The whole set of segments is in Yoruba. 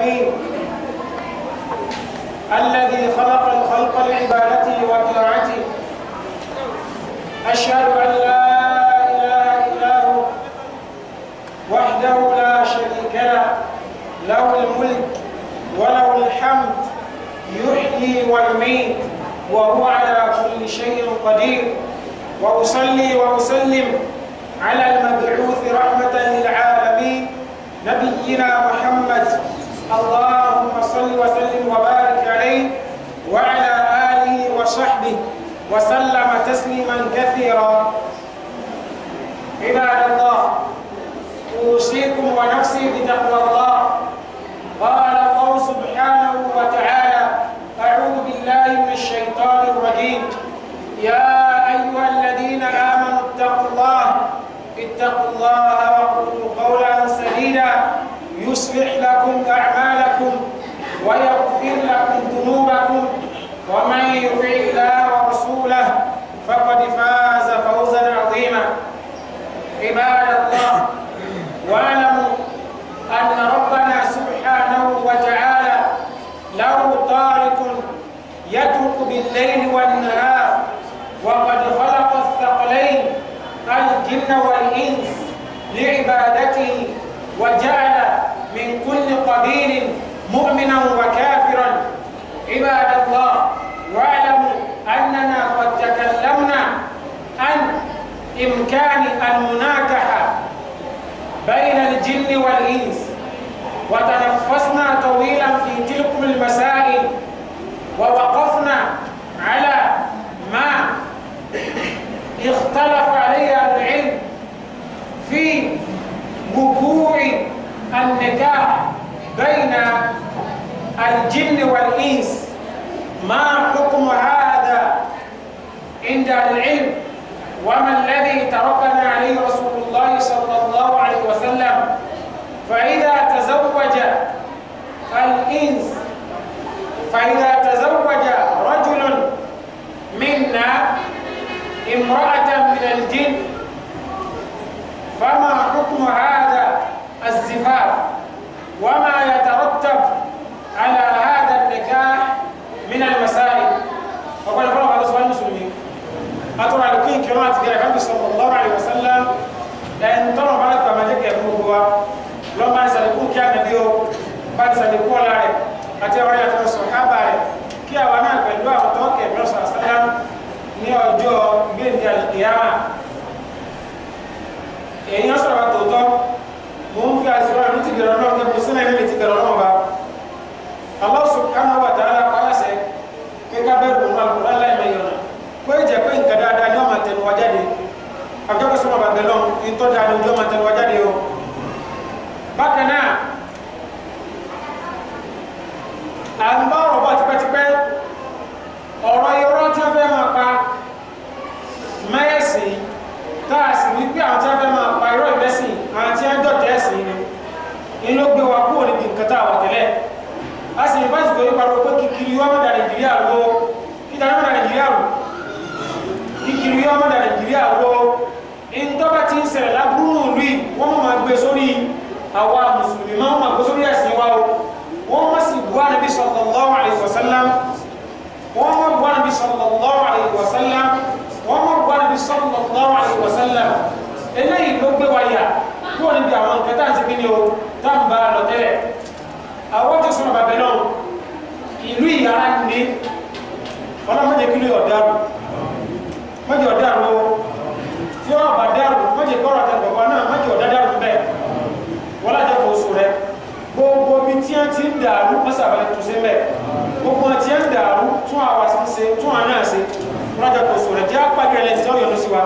العالمين الذي خلق الخلق لعبادته وطاعته أشهد أن لا إله إلا هو وحده لا شريك له له الملك وله الحمد يحيي ويميت وهو على كل شيء قدير وأصلي وأسلم على المبعوث رحمة للعالمين نبينا محمد اللهم صل وسلم وبارك عليه وعلى آله وصحبه وسلم تسليما كثيرا عباد الله أوصيكم ونفسي بتقوى الله قال الله سبحانه يصلح لكم أعمالكم ويغفر لكم ذنوبكم ومن يطع الله ورسوله فقد فاز فوزا عظيما عباد الله واعلموا أن ربنا سبحانه وتعالى له طارق يترك بالليل والنهار وقد خلق الثقلين الجن والإنس لعبادته وجعل من كل قبيل مؤمنا وكافرا عباد الله واعلموا أننا قد تكلمنا عن إمكان المناكحة بين الجن والإنس وتنفسنا طويلا في تلك المسائل ووقفنا على ما اختلف وقوع النكاح بين الجن والإنس ما حكم هذا عند العلم وما الذي تركنا عليه رسول الله صلى الله عليه وسلم فإذا تزوج الإنس فإذا تزوج رجل منا امرأة من الجن فما حكم هذا الزفاف وما يترتب على هذا النكاح من المسائل فقال فرق هذا سؤال المسلمين أترى لكين كما تقول صلى الله عليه وسلم لأن ترى ما فما جاك هو لما يسألكم كان بيو بعد سألكم لا أتى ولا الصحابه كي kí àwa náà pẹ̀lú صلى الله عليه وسلم sálá ní ọjọ́ èyí sọ̀rọ̀ wa tòótọ́ mò ń fi àṣìwọ́n àánú ti dẹ̀rọ̀ náà mo sílẹ̀ ní ti dẹ̀rọ̀ náà ba Allah subhanahu wa ta'ala pàṣẹ pé bẹ́ẹ̀ bò wọn àlùkò láì máa yọ̀nà kó ìjẹ́ pé nǹkan dáadáa ni wọ́n máa tẹnu wá jáde àjọkọ̀ sọ́mọ́ bàbá lọ́n ìtọ́ dáadáa ni wọ́n máa tẹnu wá jáde o bákan náà à ń bá ọ̀rọ̀ bọ̀ tipẹ́tipẹ́ ọ̀rọ̀ irọ́ tí wọ́n fẹ́ máa pa mẹ́ẹ̀sì tá a sì ní pé àwọn tí wọ́n fẹ́ máa nítorí parọ́ pé kìkiri yọ́ mọ́dà nàìjíríà wo kíta ní mọ́dà nàìjíríà wo kìkiri yọ́ mọ́dà nàìjíríà wo ntọ́ba ti ń ṣẹlẹ̀ lábúrú rí wọ́n máa gbé sórí àwa mùsùlùmí máa máa gbé sórí ẹ̀sìn wa o wọ́n máa sì bu ànábi sallallahu alaihi wasallam wọ́n máa bu ànábi sallallahu alaihi wasallam wọ́n máa bu ànábi sallallahu alaihi wasallam eléyìí ló gbé wa yà kúrò níbi àwọn nǹkan tá à ń ṣe kí ni o tá à ń bá a lọ tẹ́lẹ̀ àwọn tó sọ̀rọ̀ náà ìlú ìyára ní ọlọ́mọdé kí ló yọ̀ dárò mọ́jọ dárò tí wọ́n bá dárò mọ́jọ kọ́ra tẹ̀ bọ̀bọ̀ náà mọ́jọ dá dárò bẹ́ẹ̀ wọ́n lájọ kò sùn rẹ gbogbo bí tí wọ́n ti ń dàrú mọ́sàbẹ̀ tó ṣe mẹ́ gbogbo tí wọ́n ń dàrú tún àwa ṣe tún àná ṣe wọ́n lájọ kò sùn rẹ jẹ́ apájú ẹlẹ́ tí wọ́n yọnu sí wa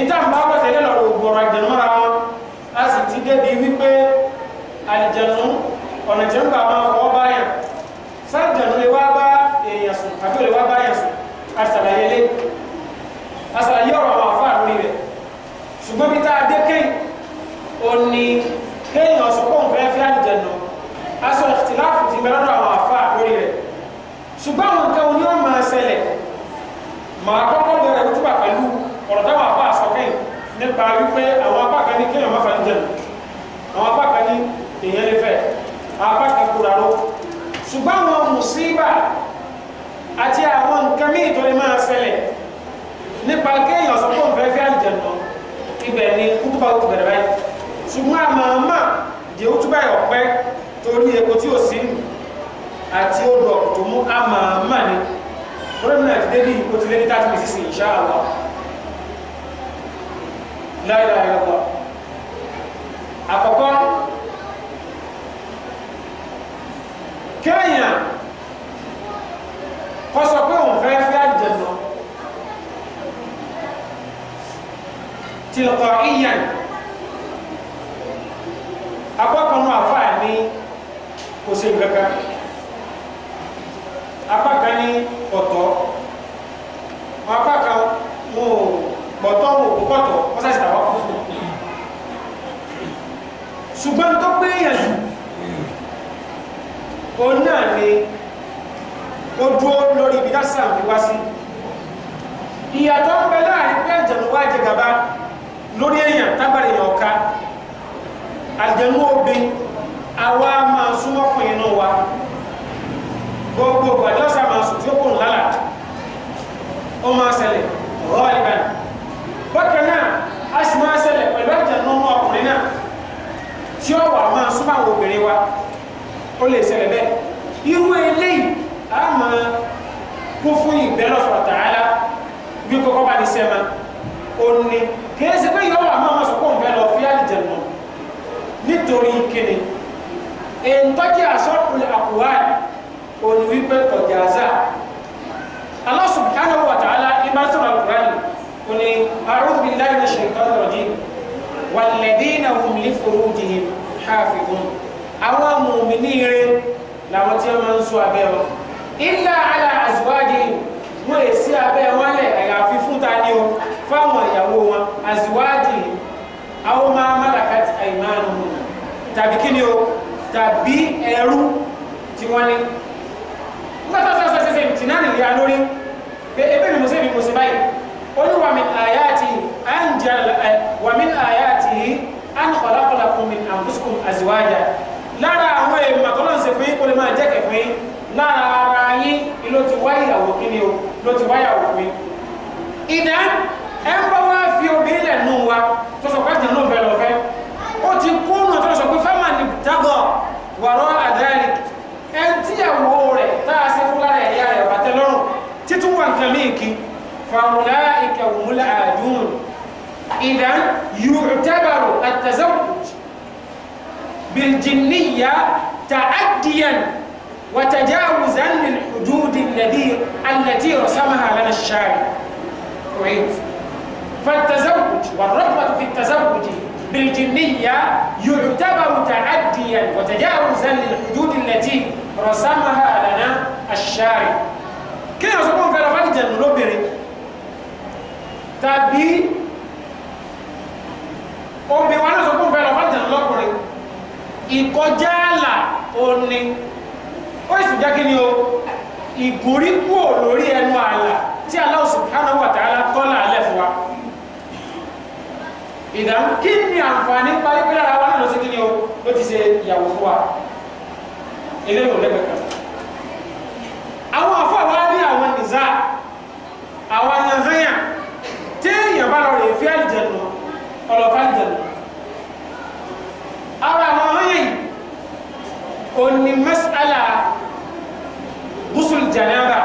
ìtàǹbà pàtẹ́lẹ́ àbí olè wá báyà sùn àṣàlàyé lé àṣàlàyé ọ̀rọ̀ àwọn àfa àrùn rẹ̀ ṣùgbọ́n bí tá a dé kéyìn ó ní kéyìn ọ̀sùn pọ̀ nfẹ́ fi àjẹ nù aṣọ ìtìláàfù ti bẹ̀rẹ̀ lọ́dọ̀ àwọn àfa àrùn rẹ̀ ṣùgbọ́n àwọn nǹkan oní ọ̀ma ṣẹlẹ̀ màá kọ́kọ́ bẹ̀rẹ̀ kútùbà pẹ̀lú ọ̀rọ̀ táwọn àfa àṣọ kéyìn nípa wípé àwọn apá kan ní kéyìn ọ̀ma fà ń àwọn apá kan ní èèyàn lè fẹ́ apá kan kúra lọ ṣùgbọ́n àwọn mùsíbà àti àwọn nǹkan míì tó lè máa ṣẹlẹ̀ nípa kéèyàn sọ pé òun fẹ́ fẹ́ àlùjànnà ibẹ̀ ni kútùbà ó ti bẹ̀rẹ̀ báyìí ṣùgbọ́n àmọ́ àmọ́ di òtúbà ọ̀pẹ́ torí epo tí ò sí nù àti odò tó mú àmọ́ àmọ́ ni gómìnà ti dé ní ipò tí lé ní tàbí sísè insha Allah la ilaha illallah àkọ́kọ́ kéèyàn kọsọ pé òun fẹ́ fẹ́ àjẹmọ́ tìlọ̀kọ̀ ìyàn apákanu àfáà ní kò sí nǹkankan apákan ní ọ̀tọ̀ wọn apákan wọn ò gbọ̀tọ̀ wọn ò gbọ̀tọ̀ wọn sàṣẹ àwọn kò fún un ṣùgbọ́n tó gbé yẹn jù òun náà ni ó dúró lórí ibi dásà ń wá sí ìyàtọ̀ ń bẹ láàrin pé àjẹnú wá jẹ gàba lórí èèyàn tábàrí èèyàn ọ̀ka àjẹnú obe àwa máa súnmọ́ pọ̀ iná wa gbogbo gbàdé ọ̀sà máa sùn tí ó kùn lálà ó máa ṣẹlẹ̀ ọ̀rọ̀ ìbàdàn bákan náà a sì máa ṣẹlẹ̀ pẹ̀lú àjẹnú ọmọ ọkùnrin náà tí ó wà máa súnmọ́ àwọn obìnrin wa ó lè ṣẹlẹ̀ bẹ́ẹ̀ irú eléyìí ama kó fún ìbẹ́lọ̀ fọ̀rọ̀ tààlà bí kọ́kọ́ bá ní sẹ́ma òní kìí ṣe pé yọ̀wọ̀ àmọ́ ọmọ sọ̀kọ́ nfẹ́ lọ fi àlìjẹ̀ nù nítorí kíni èntọ́jú àsọ̀kùnrin àkùwá òní wípé tọ̀jàzá Allah subhanahu wa ta'ala ibà sọ̀rọ̀ àkùránì òní a'udhu billahi minash shaitanir rajim walladhina hum li furujihim hafidhun àwọn mùmí ní ire làwọn tí wọ́n máa ń sọ abẹ́ wọn ilà àlà àzìwájì wọn è sí abẹ́ wọn lẹ̀ àyàfi fún ta ni o fáwọn ìyàwó wọn àzìwájì àwọn máa málàkàtì àìmánu tàbí kí ni o tàbí ẹrú tí wọ́n ní nígbà tó sọ́sọ́ sẹ́sẹ́ tì náà nìyà lórí pé ebí mi mo ṣe mi mo ṣe báyìí olúwa mi àyàtì àǹjẹ́ wà mí àyàtì an khalaqalakum min anfusikum azwaja lára àwọn èèmọ̀ tó lọ́n ṣe fún yín kó lè máa jẹ́ kẹ̀ fún yín lára ara yín ló ti wá ìyàwó kíni o ló ti wá ìyàwó fún yín ìdá ẹ ń bá wá fi obìnrin lẹ̀ nù wa tó sọ pé àjẹnú fẹ́ lọ fẹ́ ó ti kú nù tó sọ pé fẹ́mà ní dábọ̀ wàrọ̀ àdáyé ẹ ń tíyàwó rẹ̀ tá a ṣe fún lára ẹ̀yà rẹ̀ bàtẹ́ lọ́rùn títún wà nǹkan míì kí fàmùlà ìkẹwùmùlà àdúhùn ìdá yóò tẹ́bàrò àtẹ̀sẹ̀wò bìrìjìnníyà tààdìyàn وتجاوزا للحدود الذي التي رسمها لنا الشارع أعيد فالتزوج والرغبة في التزوج بالجنية يعتبر تعديا وتجاوزا للحدود التي رسمها لنا الشارع كيف ni في fẹ́ra fàájẹ̀nù lóbìnrin tàbí obìnrin wa في ọ̀sọ́gbọ́n fẹ́ra fàájẹ̀nù lọ́kùnrin ìkọjá jẹ́ kí ni o ìgúnrí kúò lórí ẹnu ààlà tí Allah subhanahu wa ta'ala tọ́lá alẹ́ fún wa ìdá kí ni àǹfààní pa ipé lára wa náà ló ti kí ni o ló ti ṣe ìyàwó fún wa ilé ìwò lẹ́gbẹ̀ẹ́ kan àwọn àfọwọ́ ní àwọn nìza àwọn yanhanya téèyàn bá lọ rè fi àlìjẹnu ọlọ́fà àlìjẹnu ara àwọn ọ̀hán yìí òní mẹ́sàlá غسل جنابة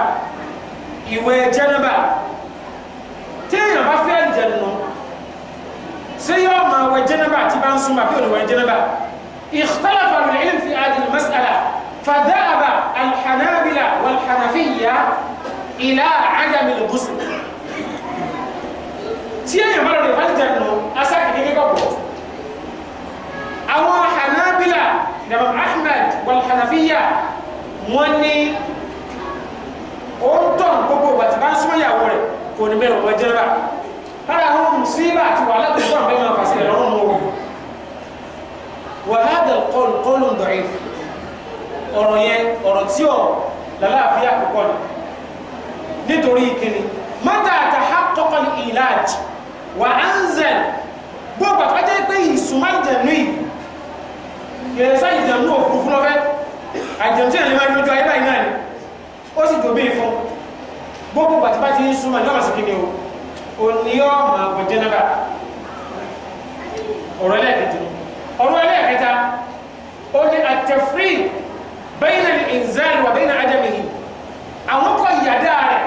إيوة جنابة تيا ما في الجنة سيوم ما وجنبا تبان سما بيون وجنبا اختلف العلم في هذه المسألة فذهب الحنابلة والحنفية إلى عدم الغسل تيا ما في الجنة أساك دقيقة أو حنابلة نعم أحمد والحنفية مني ó ń tọ̀n gbogbo bàtí bá ń súnmọ́ ìyàwó rẹ̀ kò ní mẹ́rin wọ́n jẹ́rà lára àwọn mùsíbà àti wàhálà tó tọ̀n bẹ́ẹ̀ máa fàṣẹ lọ́rùn mọ́ wọn. wàhálà kọlù kọlù ń dọ̀rẹ́ ọ̀rọ̀ yẹn ọ̀rọ̀ tí ọ̀ lálàáfíà púpọ̀ ni nítorí kíni mọ́tà àtàhákọ́kọ́ ni ìlàjì wà á ń zẹ̀ gbogbo àtàjẹ́ pé ìsúnmọ́ ìjẹ̀nú yìí yẹ̀rẹ̀ sáyìí ìjẹ̀nú òfurufú lọ́fẹ́ àjẹ̀mú tí ìrìnlẹ́mọ́ ìlú ọjọ́ ayé báyìí náà ni ó sì dòbí fún gbogbo bàtí bá ti ń súnmọ́ ní ọ̀sìn kìíní o ò ní ọmọ àgbẹ̀ jẹ́nàbà ọ̀rọ̀ ẹlẹ́ẹ̀kẹta ọ̀rọ̀ ẹlẹ́ẹ̀kẹta ó ní àtẹ̀frí bẹ́yìn náà ìnzáàlì wà bẹ́yìn náà ádámìhì àwọn kọ ìyàdá rẹ̀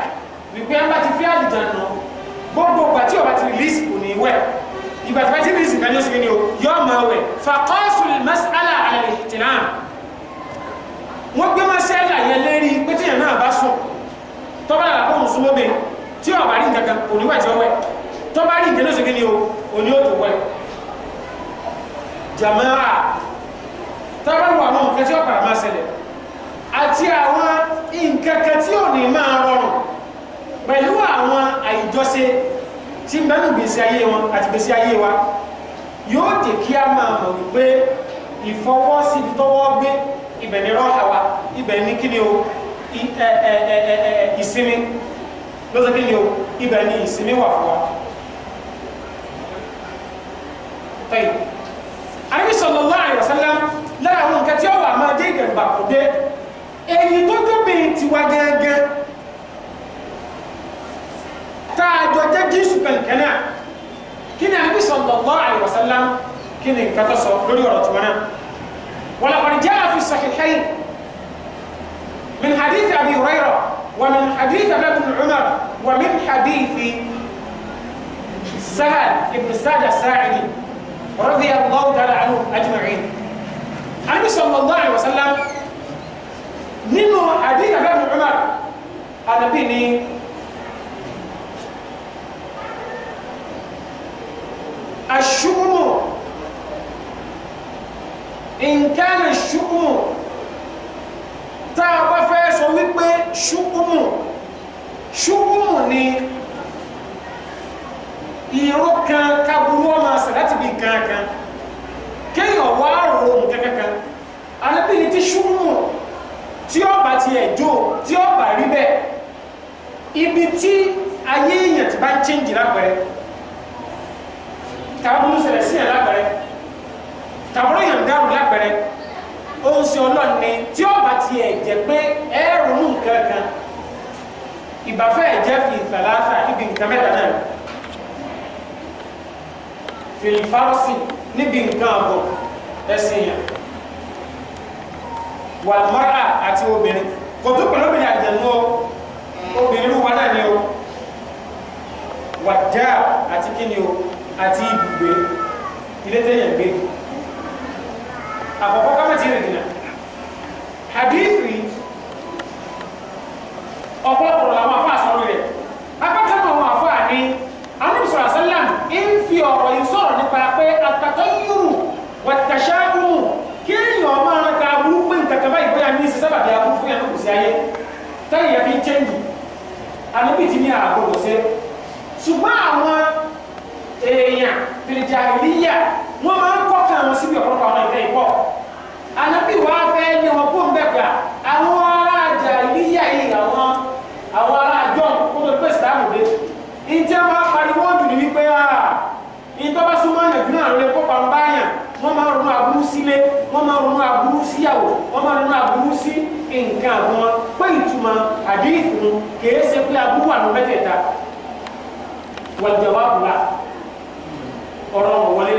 wípé a bá ti fi àdìjà nà gbogbo bàtí ọba ti rìlíìsì kò ní wẹ̀ ìgbà tí wọ́n ti rìsì kan ní oṣù kìíní o yóò máa wẹ̀ fàkọ́sùn mas'ala àlẹ́ ìtìlám wọ́n gbé mas'ala yẹn lérí náà bá sùn tọ́ba náà kó òun súnmọ́ mi tí ọ̀bá rí nǹkan kan òní wẹ̀ tí ó wẹ̀ tọ́ba rí nǹkan lóṣèké ni o òní ó tó wẹ̀ jamaa tọ́ba wà lóhùn kẹ́tí ọ̀pàrà máa ṣẹlẹ̀ àti àwọn nǹkan kan tí òní máa rọrùn pẹ̀lú àwọn àìjọṣe tí mẹ́nu gbèsè ayé wọn àti gbèsè ayé wa yóò dé kí a máa mọ̀ wípé ìfọwọ́sí tọwọ́ gbé ibẹ̀ ni rọ́ọ̀hà wa ibẹ̀ ni kíni o E, e, e, ìsinmi lọ́sọ̀ kí ni o ibẹ̀ ni ìsinmi wà fún wa. tẹ́yì àrùn sallallahu alaihi wasallam lára àwọn nǹkan tí ó wà máa dé ìdẹ̀rùbà kò dé èyí tó dóbìn tiwa gẹ́gẹ́ tá a jọ jẹ́ jésù kankan náà kí ni àrùn sallallahu alaihi kí ni nǹkan tó sọ lórí ọ̀rọ̀ tiwọn náà wa laqad من حديث أبي هريرة ومن حديث ابن عمر ومن حديث سهل بن سعد الساعدي رضي الله تعالى عنه أجمعين عن صلى الله عليه وسلم من حديث ابن عمر انا بني الشؤم ان كان الشؤم ṣùgbọ́n ṣùgbọ́n ni ìró kan kaburú ọmọ àṣà láti bí kankan kéèyàn wá rò nǹkan kankan alábìnrin ti ṣùgbọ́n tí ọba ti ẹ̀jọ́ tí ọba rí bẹ́ẹ̀ ibi tí ayé èèyàn ti bá ń chẹ́ǹjì lápẹ̀rẹ̀ tàbí mo ṣẹlẹ̀ sí ẹ̀ lápẹ̀rẹ̀ tàbí ọ̀rọ̀ èèyàn dárò lápẹ̀rẹ̀ ó ń sin ọlọ́run ni tí ó bá tiẹ̀ jẹ́ pé ẹ ronú nǹkan kan ìbáfẹ́ ẹ̀jẹ̀ fi ìfàlàfà níbi nǹkan mẹ́ta náà fìlìfàrọ́sì níbi nǹkan àbọ̀ ẹ̀sìn yẹn wàlmọ́ra àti obìnrin kò tó pẹ̀lú obìnrin àjẹ̀nú o obìnrin rúwa náà ni o wàjá àti kíni o àti ibùgbé ilé tẹ̀yàn gbé àkọ́kọ́ ká má ti rìn dìnnà hadithi ọ̀pọ̀lọpọ̀ àwọn afọ àsọ̀rọ̀ rẹ̀ apákan àwọn afọ àní anamsọ̀rọ̀ àsálàm ń fi ọ̀rọ̀ yìí sọ̀rọ̀ nípa pé àtàtọ́ yúrù wàtàṣá gùn kéèyàn ọmọ ara ká burú pé nǹkan kan báyìí bóyá ní í ṣe sábàbí aburú fún yàrá kò sí ayé táyà fi ń chẹ́ǹgì àníbi ti ní àgbọ̀dọ̀ ṣe ṣùgbọ́n àwọn èèyàn fìlìjà ìlíyà wọ́n máa ń kọ́ kan àwọn síbi ọ̀pọ̀lọpọ̀ àwọn ìtẹ́ ìpọ̀ ànábì wá fẹ́ ní wọn kó ń bẹ̀ gbà àwọn aráàjà ìlíyà yìí àwọn àwọn aráàjọ kó tó pèsè láàmú dé ìjẹ́ máa pariwo jù ní wípé ìtọ́ba súnmọ́ ẹ̀jú náà lórí kó pa ń báyàn wọ́n máa ronú aburú sílé wọ́n máa ronú aburú síyàwó wọ́n máa ronú aburú sí nǹkan àwọn pé ìtumọ̀ àdéhùn kìí ṣe pé aburú wà ní mẹ́tẹ̀ẹ̀ta wal jawab la ọ̀rọ̀ wọn wọlé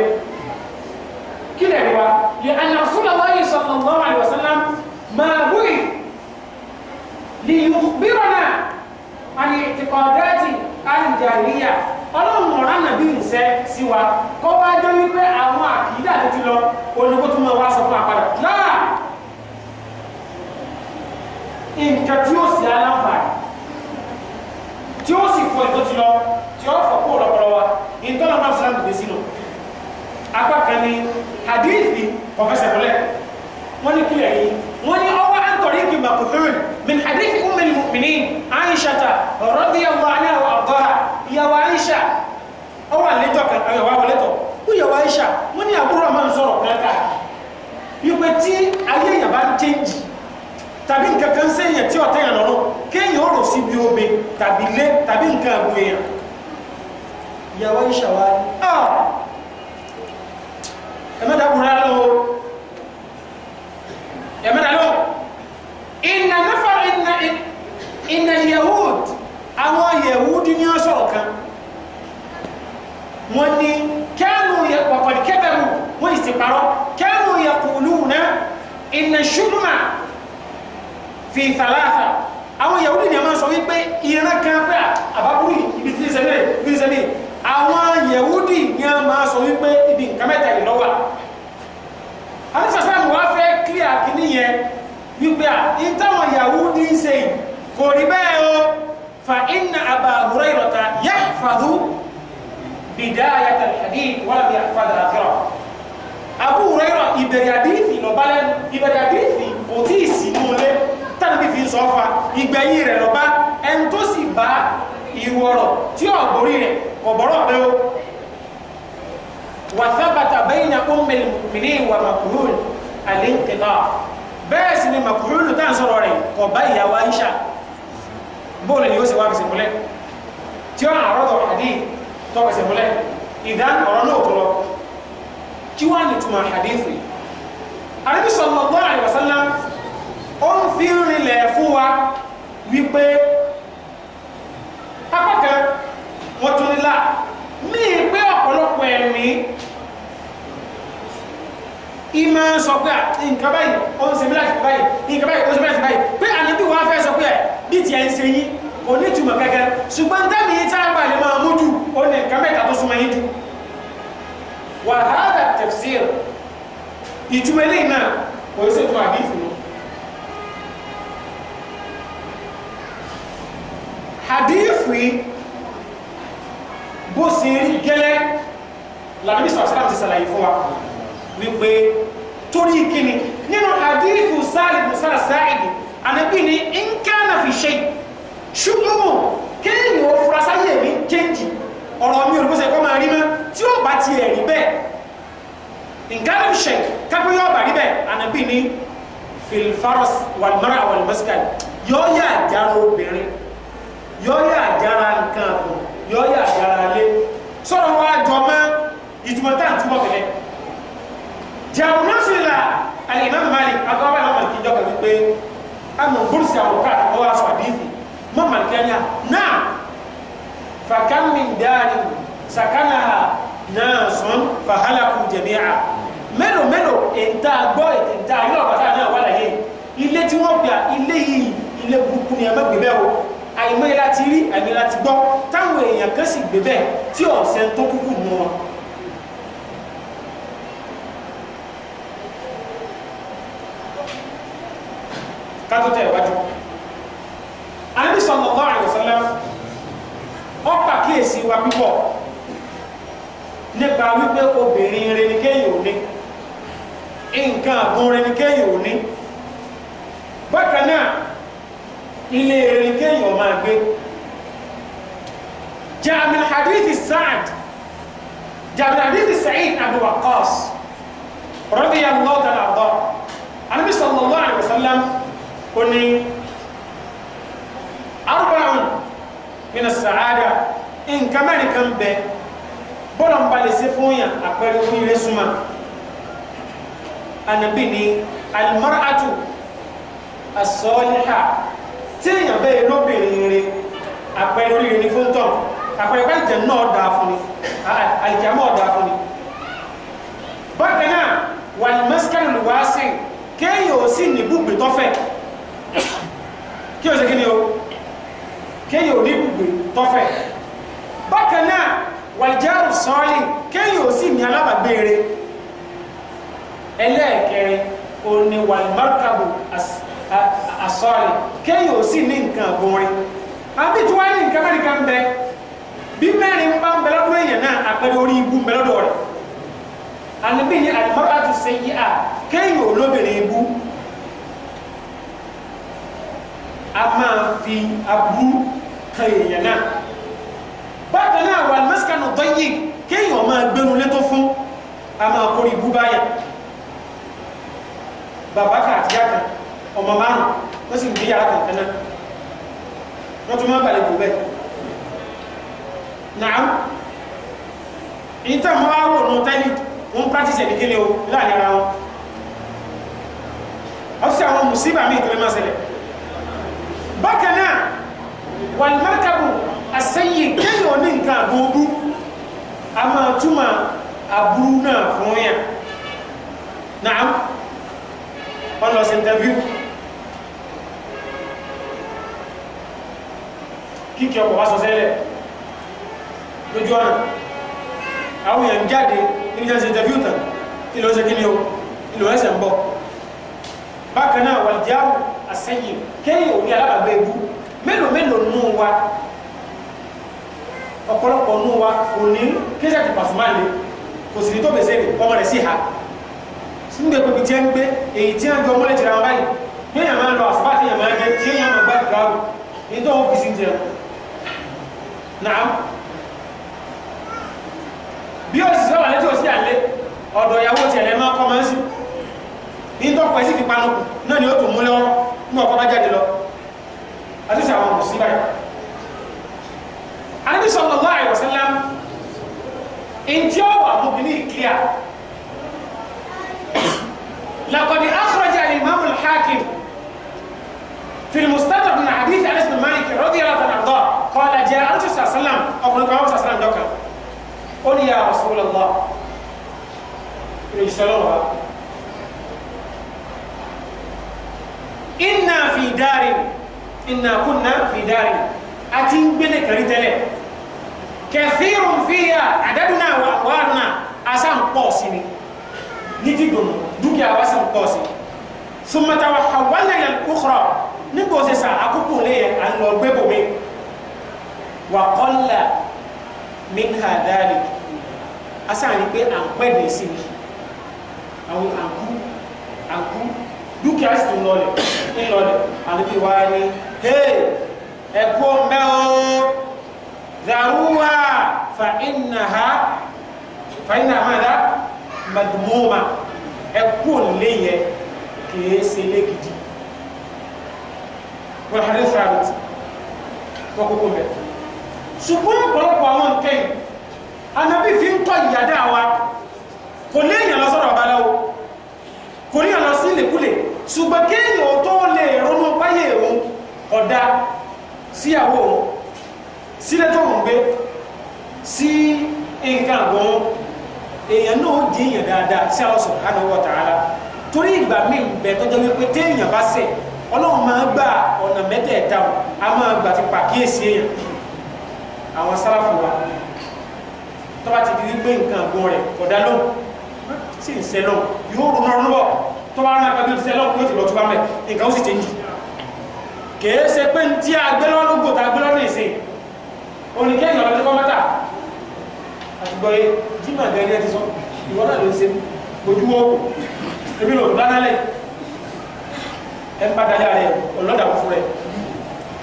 kí lè wá lè anna Rasulullahi sallallahu alaihi wasallam máa wúyì lè yukhbirana àni ìtìkọ̀dẹ́tì àìjàríyà ọlọ́run ọ̀rọ̀ ànàbí ìṣẹ́ sí wa kọ́ wá jẹ́ wípé àwọn àkìdá tó ti lọ olùkó tó máa wá sọ fún àpadà náà nǹkan tí ó sì aláǹfà tí ó sì fọ ìtọ́jú lọ yọ fọ kó lọpọlọ wa ntọ́nà máa fúnra dùdú sínú apá kan ní hadithi kọfẹsẹ̀ múlẹ̀ wọ́n ní kílẹ̀ yìí wọ́n ní ọwọ́ àǹtọ̀rí kì máa kùhùn min hadithi ummil mu'minin aisha ta radiyallahu anha wa ardaha ìyàwó aisha ọwọ́ àlejò kan ọ̀yọ̀wá wọlé tọ̀ ó yàwó aisha wọ́n ní àbúrò máa ń sọ̀rọ̀ kẹta yípe tí ayé yàn bá ń tẹ́jì tàbí nǹkan kan sẹ́yìn tí ọ̀tẹ̀yàn lọ́rùn kéèyàn ọ̀rọ̀ síbi obe tàbí lé tàbí nǹkan àgbò èèyàn ìyàwó ìṣàwá ni ẹ̀mẹ́ta kùnrin ara lọ ẹ̀mẹ́ta lọ ìnà náfà ìnà yahud àwọn yahudi ní ọ̀sọ̀ kan wọ́n ní kẹ́nu pọ̀pọ̀lì kẹ́bẹ̀rù wọ́n ìsì parọ́ kẹ́nu yaqulu na ìnà ṣùgbọ́n fi thalatha àwọn yahudi ni a máa sọ wípé ìran kan pé àbábúrú ibi tí ìṣẹ́lẹ̀ يحفظ بداية الحديث ولم يحفظ آخره Abu Hurairah ìbẹ̀rẹ̀ àdìsí lọ́balẹ̀ ìbẹ̀rẹ̀ àdìsí kò tí ì sí inú ilé tàbí fi sọ fa ìgbẹ̀yìn rẹ̀ lọ́ba ẹni tó sì bá ìwọ ọ̀rọ̀ tí ọ̀gbórí rẹ̀ kò bọ́rọ̀ pé o. wa thabata bayna ummil mu'minin wa Makhul al-inqita' bẹ́ẹ̀ sì ni Makhul tá à ń sọ̀rọ̀ rẹ̀ tí ó hàn àrọ́dọ̀ hadith tó fẹsẹ̀ múlẹ̀ ìdán ọ̀rọ̀ náà tó lọ kí wọ́n á ní túmọ̀ hadith rẹ̀ àrẹ́bí sallallahu alaihi wasallam ó ń fi rinlẹ̀ fún wa wípé apá kan wọ́n tún nílá ní ìpé ọ̀pọ̀lọpọ̀ ẹ̀mí ìmọ̀ sọ pé nǹkan báyìí ó ń ṣe mílíọ̀tì báyìí nǹkan báyìí ó ń ṣe mílíọ̀tì báyìí pé ànábì wa fẹ́ sọ pé bí tiẹ̀ ń ṣe yín kò ní ìtumọ̀ kankan ṣùgbọ́n tẹ́mi yìí tá a gbà lè máa mú jù ó ní nǹkan mẹ́ta tó súnmọ́ yín jù wa hada tafsir ìtumọ̀ eléyìí náà kò ní ṣètò àdìfù nù. àdìfù yìí bó ṣe rí gẹ́lẹ́ làbí sọ̀rọ̀ sọ́dọ̀ ti ṣàlàyé fún wa wípé torí kíni nínú àdìfù sáàlì bùsára sáàlì ànábì ni in kana fi shay ṣùgbọ́n kéèyàn ò fura sáyé mi kéèjì ọ̀rọ̀ mi ò ní kó sẹ́kọ́ máa rí mọ́ tí ó bá tiẹ̀ rí bẹ́ẹ̀ nǹkan ló ṣe kápẹ́ yóò bá rí bẹ́ẹ̀ ànábì ní filfaros walmara walmaskan yóò yà àjára obìnrin yóò yà àjára nǹkan àpò yóò yà àjára ilé sọ̀rọ̀ wa jọ mọ́ ìtumọ̀ tá à ń túbọ̀ fẹ́lẹ́ jẹun náà sì là àlè ìmáàmù Malik agbábáyé wọn kì í jọ kàwé pé àmọ̀ bùrùsì àwọn káàkiri wọn wá mo malikanya na fakam min dari sakanaha nasun fahalaku jami'a mélòó mélòó enta gbọ enta yóò bàtà náà wà láyé ilé tí wọn gbà ilé yìí ilé burúkú ni ẹ má gbé bẹ́ẹ̀ o àìmọye láti rí àìmọye láti gbọ́ táwọn èèyàn kan sì gbé tí ọ̀sẹ̀ tó kúkú mú wọn. kátó tẹ̀ wájú àní sallallahu alaihi wasallam ọ̀pá kíyèsí wa púpọ̀ nípa wípé obìnrin rẹ̀ ni kéèyàn ò ní nǹkan àbùn rẹ̀ ni kéèyàn ò ní bákan náà ilé rẹ̀ ni kéèyàn máa gbé jaamin hadithi Sa'd jaamin hadithi Sa'id Abu Waqqas radiyallahu ta'ala anhu Ànábì sallallahu alaihi wasallam ó ní arbaun mina sa'ada nǹkan mẹ́rin kan bẹ bọ́lọ̀ ń balẹ̀ sí fún yàn àpẹẹrẹ oníire súnmọ́ anabi ni almaratu asọ́líhà tí èèyàn bẹ́ẹ̀ lóbìnrin rẹ àpẹẹrẹ oníire ní fún tọ́ àpẹẹrẹ pẹ́ ìjẹ̀ náà dáa fún ni àìjàmọ́ dáa fún ni bákan náà wàlmẹ́sìkẹ́lì lùwàásì kéèyàn ò sì ní bùgbé tọ́fẹ̀ kí o ṣe o kéèyàn ò ní gbùgbé tọ́fẹ̀ bákan náà wàlìjáàrù sọ́ọ́lì kéèyàn ò sì ní alábàgbére ẹlẹ́ẹ̀kẹrin òní wàlìmárkàbù àsọ́ọ̀lì kéèyàn ò sì ní nǹkan àgbọ̀nrin àbí tí wọ́n ní nǹkan mẹ́rin kan bẹ bí mẹ́rin bá ń bẹ lọ́dún èèyàn náà àpẹẹrẹ orí ibú ń bẹ lọ́dọ̀ rẹ̀ àníbí ni àlùmọ́ràtù sẹ́yìn à kéèyàn ò lóbìnrin ibú a máa fi aburú kan èèyàn náà bákan náà wà lọ́sìkànnà dọ́yìn kéèyàn máa gbẹnu létó fún a máa kórè ibú báyà bàbá kan àti yàtọ̀ ọmọ márùn wọ́n sì ń gbé yàrá kankan náà wọ́n tún máa balẹ̀ kó bẹ́ẹ̀ nàá ìtàn wọn á wò nù tẹ́lẹ̀ wọn practice ẹ̀dínkẹ́lẹ́ o láàrin ara wọn ọ̀sẹ̀ àwọn mùsíbà mi ìtọ́lẹ́ bákan náà wàlúmọ́kàbù àṣẹyìn kéèyàn ní nǹkan àgbògbú a máa túmọ̀ àbúrú náà fún yàn náà wọ́n lọ sí interview kíkẹ́ ọkọ̀ wá sọ sẹ́lẹ̀ lójú ọ̀nà àwọn èèyàn jáde níbi jẹ́ sí interview tán ìlọ́sẹ̀ kí ni o ìlọ́sẹ̀ ń bọ̀ bákan náà wàlìjáwò àsẹyìn kéèyàn ò ní alábàgbé ibú mélòó mélòó nù wa ọ̀pọ̀lọpọ̀ nù wa kò ní kéṣà ti pàṣùmá lé kò sì ní tó bèsè ọmọ rẹ̀ sí ha nígbà pípi tí a ń gbé èyí tí a ń jọ mọ́lẹ̀ jìnnà wọn báyìí bí èèyàn máa ń lọ àsùpá tí èèyàn máa ń gẹ tí èèyàn máa gbá ìgbà wò ní tó ń fi sí jẹun náà bí ó sì sọ wà létí òsì àlẹ ọ̀dọ̀ ìyàwó tiẹ̀ lẹ́ máa kọ́ máa ń sìn ní tọ́pọ̀ ẹ̀sì fi panu kù náà ni ó tún mú lọ́wọ́ ní ọ̀pọ̀ bá jáde lọ àti sọ àwọn mùsùlùmí báyìí. Ànábì sallallahu alaihi wasallam ntí ọ wà mú bìíní ìkíyà laqad akhraja al-imam al-hakim fi al-mustadrak min hadith Anas bin Malik radiyallahu anhu qala ja'a àti sàlám ọkùnrin kan wọ́n sàlám dọ́kà ó ní ya Rasulullah ìrìnsẹ́lọ́wọ́ inna fi dari inna kunna fi dari a ti ń gbélé kẹrí tẹ́lẹ̀ kẹfìrún fìyà àdádùnà wàhánà a sá ń pọ̀ sí ni ní ti dùn dúkìá wa sá ń pọ̀ sí sumata wa hawala yal ukhra ní kò sa àkókò lè yẹ à ń lọ wa qalla minha dhalik a sá ń rí pé à ń pẹ́ dé sí ni dúkìá sì tún lọlẹ̀ ńlọlẹ̀ àdébí wa ni ẹ̀kú ọ̀mẹ́ o dàrúwà fàínàhà fàínàhàdà màdùmọ́mà ẹ̀kú òlé yẹ kìí ṣe lẹ́gidi wọ́n hàdé sáàbìtì wọ́n kókó mẹ́ ṣùgbọ́n ọ̀pọ̀lọpọ̀ àwọn nǹkan yìí anabi fi ń tọ́ ìyàdá wa kò léèyàn lọ́sọ̀rọ̀ ọba ṣùgbọ́n kéèyàn tó lè ronú báyé òun ọ̀dà síyàwó òun sílẹ̀ tó ń gbé sí nǹkan àgbọ̀n òun èèyàn náà di èèyàn dáadáa sí Allah subhanahu wa ta'ala torí ìgbà míì bẹ̀ tọ́jọ́ wípé téèyàn bá ṣẹ̀ ọlọ́run máa gba ọ̀nà mẹ́tẹ̀ẹ̀ta o a máa gbà ti pàkíyèsí èèyàn àwọn sáláfù wa tọ́ba ti di wípé nǹkan àgbọ̀n rẹ̀ ọ̀dà lóhùn sí ìṣẹ́ lóhùn yóò ronú ọlọ́wọ́ tó bá rán àpapẹ̀ ìṣẹ́ lọ́pọ̀ ìtìlọ tó bá mẹ́ nǹkan ó sì change kìí ṣe pé ń tí agbélọ́lógò tá agbélọ́lógò ìsìn oníkẹ́yìn ọ̀rọ̀ tó mọ́ta àtìgbọ́yé jimá gẹ̀ẹ́rì ẹ ti sọ ìwọ náà ló ń ṣe ojú wo ebi lò lánàlẹ̀ ẹ ń padà yára ẹ ọlọ́dà fún rẹ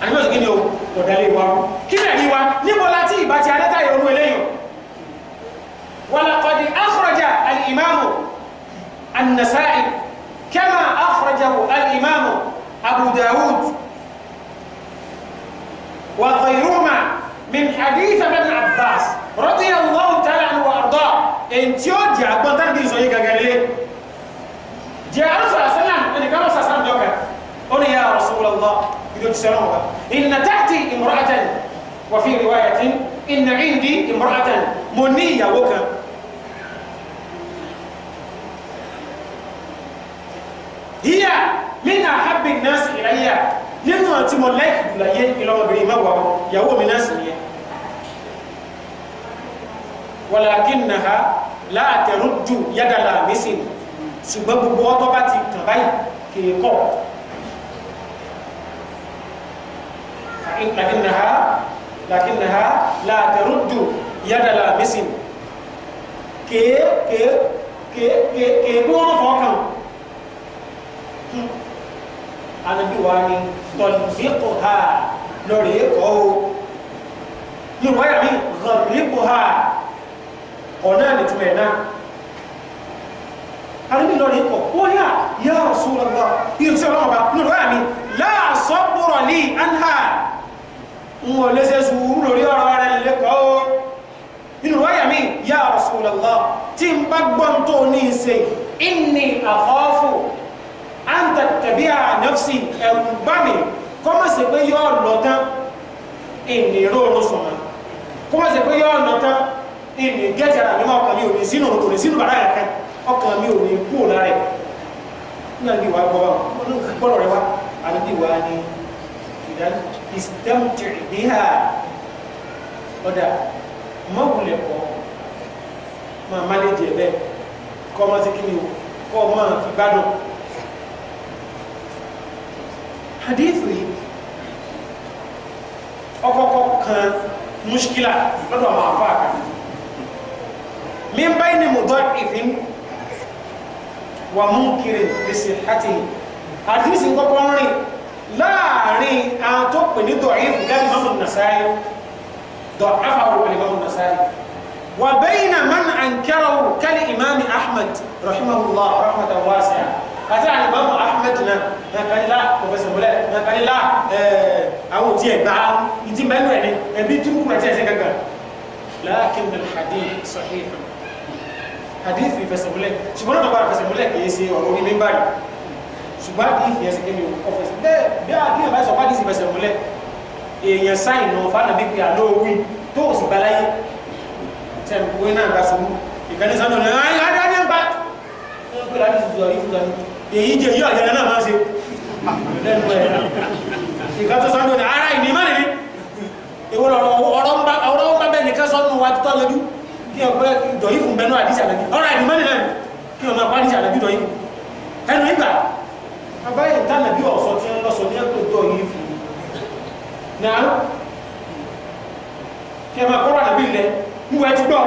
àdúgbò sì kí ni o ọ̀dàlẹ̀ wa kí náà rí wa níbo láti ìbá ti adẹ́ta yẹ olú eléyìn wàlàkọ̀dì akhraja al-imamu an-Nasa'i كما أخرجه الإمام أبو داود وغيرهما من حديث ابن عباس رضي الله تعالى عنه وأرضاه إن تيوجي أبو تربي زوجي قال جاء رسول الله صلى الله عليه وسلم قال يا رسول الله يدوج سلامك إن تأتي امرأة وفي رواية إن عندي امرأة منية وكم tí mo láì kùdùlà yé ìlọ́mọbìnrin má wà ó ìyàwó mi náà sì ni ẹ walakinnaha la taruddu yada lamisin ṣùgbọ́n gbogbo ọtọ́ bá ti kàn báyìí kìí kọ́ lakinnaha lakinnaha la taruddu yada lamisin kìí kìí kìí kìí kìí bí wọ́n fọ́ kàn anabi hmm. wa ni tọ̀nìkùhà lọ́rọ̀ yẹ kọ́ o yorùbá yà mí rọ̀rìkùhà ọ̀nà nìtumẹ̀ náà àríbí lọ́rọ̀ yẹ kọ́ wọ́n yà yà Rasulullah yìí sọ̀rọ̀ ọba yorùbá yà mí láàsọ̀ bọ̀rọ̀ ní anha ń wọlé sẹ́sù lórí ọ̀rọ̀ rẹ̀ lẹ́kọ̀ọ́ o nínú wáyà mi yà Rasulullah tí n bá gbọ́n tó ní í ṣe inni akhafu anta tẹ̀bíà nọ́fsì ẹ̀rù bá mi kọ́mọ̀sì pé yọ lọ tán ìní róòrùn sọ̀mọ́ kọ́mọ̀sì pé yọ lọ tán ìní gẹ́tẹ̀rà mi máa ọkàn mi ò ní sínú kò ní sínú bàrá yàtọ̀ ọkàn mi ò ní kú lára ẹ̀ náà bí wàá gbọ́ wa gbọ́dọ̀ rẹ wa àbí bí wàá ní ìdájọ́ ìsìtẹ́mùtì ìdíhà ọ̀dà mọ́wulẹ̀ kọ́ máa má lè jẹ bẹ́ẹ̀ kọ́ ọmọ sí kí ni o kọ́ ọmọ fi gbádùn. حديثي أكوكو كان مشكلة بدو ما فاك من بين مضاعف ومنكر بصحته حديثي كوكوني لا ري أن تقني ضعيف قال إمام النسائي ضعفه الإمام النسائي وبين من أنكره كالإمام أحمد رحمه الله رحمة واسعة àti àlìbámu ahmed náà nàkàlílá pọfẹsọ bọlẹ nàkàlílá àwọn òtí ẹ gbàá ìdí mẹnu ẹni ẹbí tún kúrò àti ẹsẹ gàgà láàkín bẹ̀rẹ̀ hadith sahih hadith fi fẹsẹ̀ múlẹ̀ ṣùgbọ́n náà bá fẹsẹ̀ múlẹ̀ kìí ṣe ọ̀rọ̀ orí mímbà rí ṣùgbọ́n hadith yẹn ṣe kéde ọ̀fẹsẹ̀ bẹ́ẹ̀ bí àdéhùn bá sọ hadith fẹsẹ̀ múlẹ̀ èèyàn sáyìn náà fánàbí pé àlọ́ òwì tó o sì balaye tẹ̀ ń wé náà èyí jẹ yóò àjẹrẹ náà máa ṣe lẹ́nu ẹ̀ nǹkan tó sáájú ní ara ìní mẹ́rin ní ìwọ lọ́rọ̀ ọ̀rọ̀ ń bá ọ̀rọ̀ ń bá bẹ́ẹ̀ nìkan sọ́nù wa títọ́ lójú kí ọ pé dọ̀yìn fún bẹnu àdìsí àlẹ́bí ọ̀rọ̀ ìní mẹ́rin náà kí ọmọ àpá àdìsí àlẹ́bí dọ̀yìn fún ẹnu ìgbà abáyé tánàbí ọ̀sọ́ tí ń lọ́sọ ní ẹ̀kọ́ dọ̀yìn fún náà kí ẹ máa kọ́ra àlẹ́bí lẹ wíwá ti gbọ́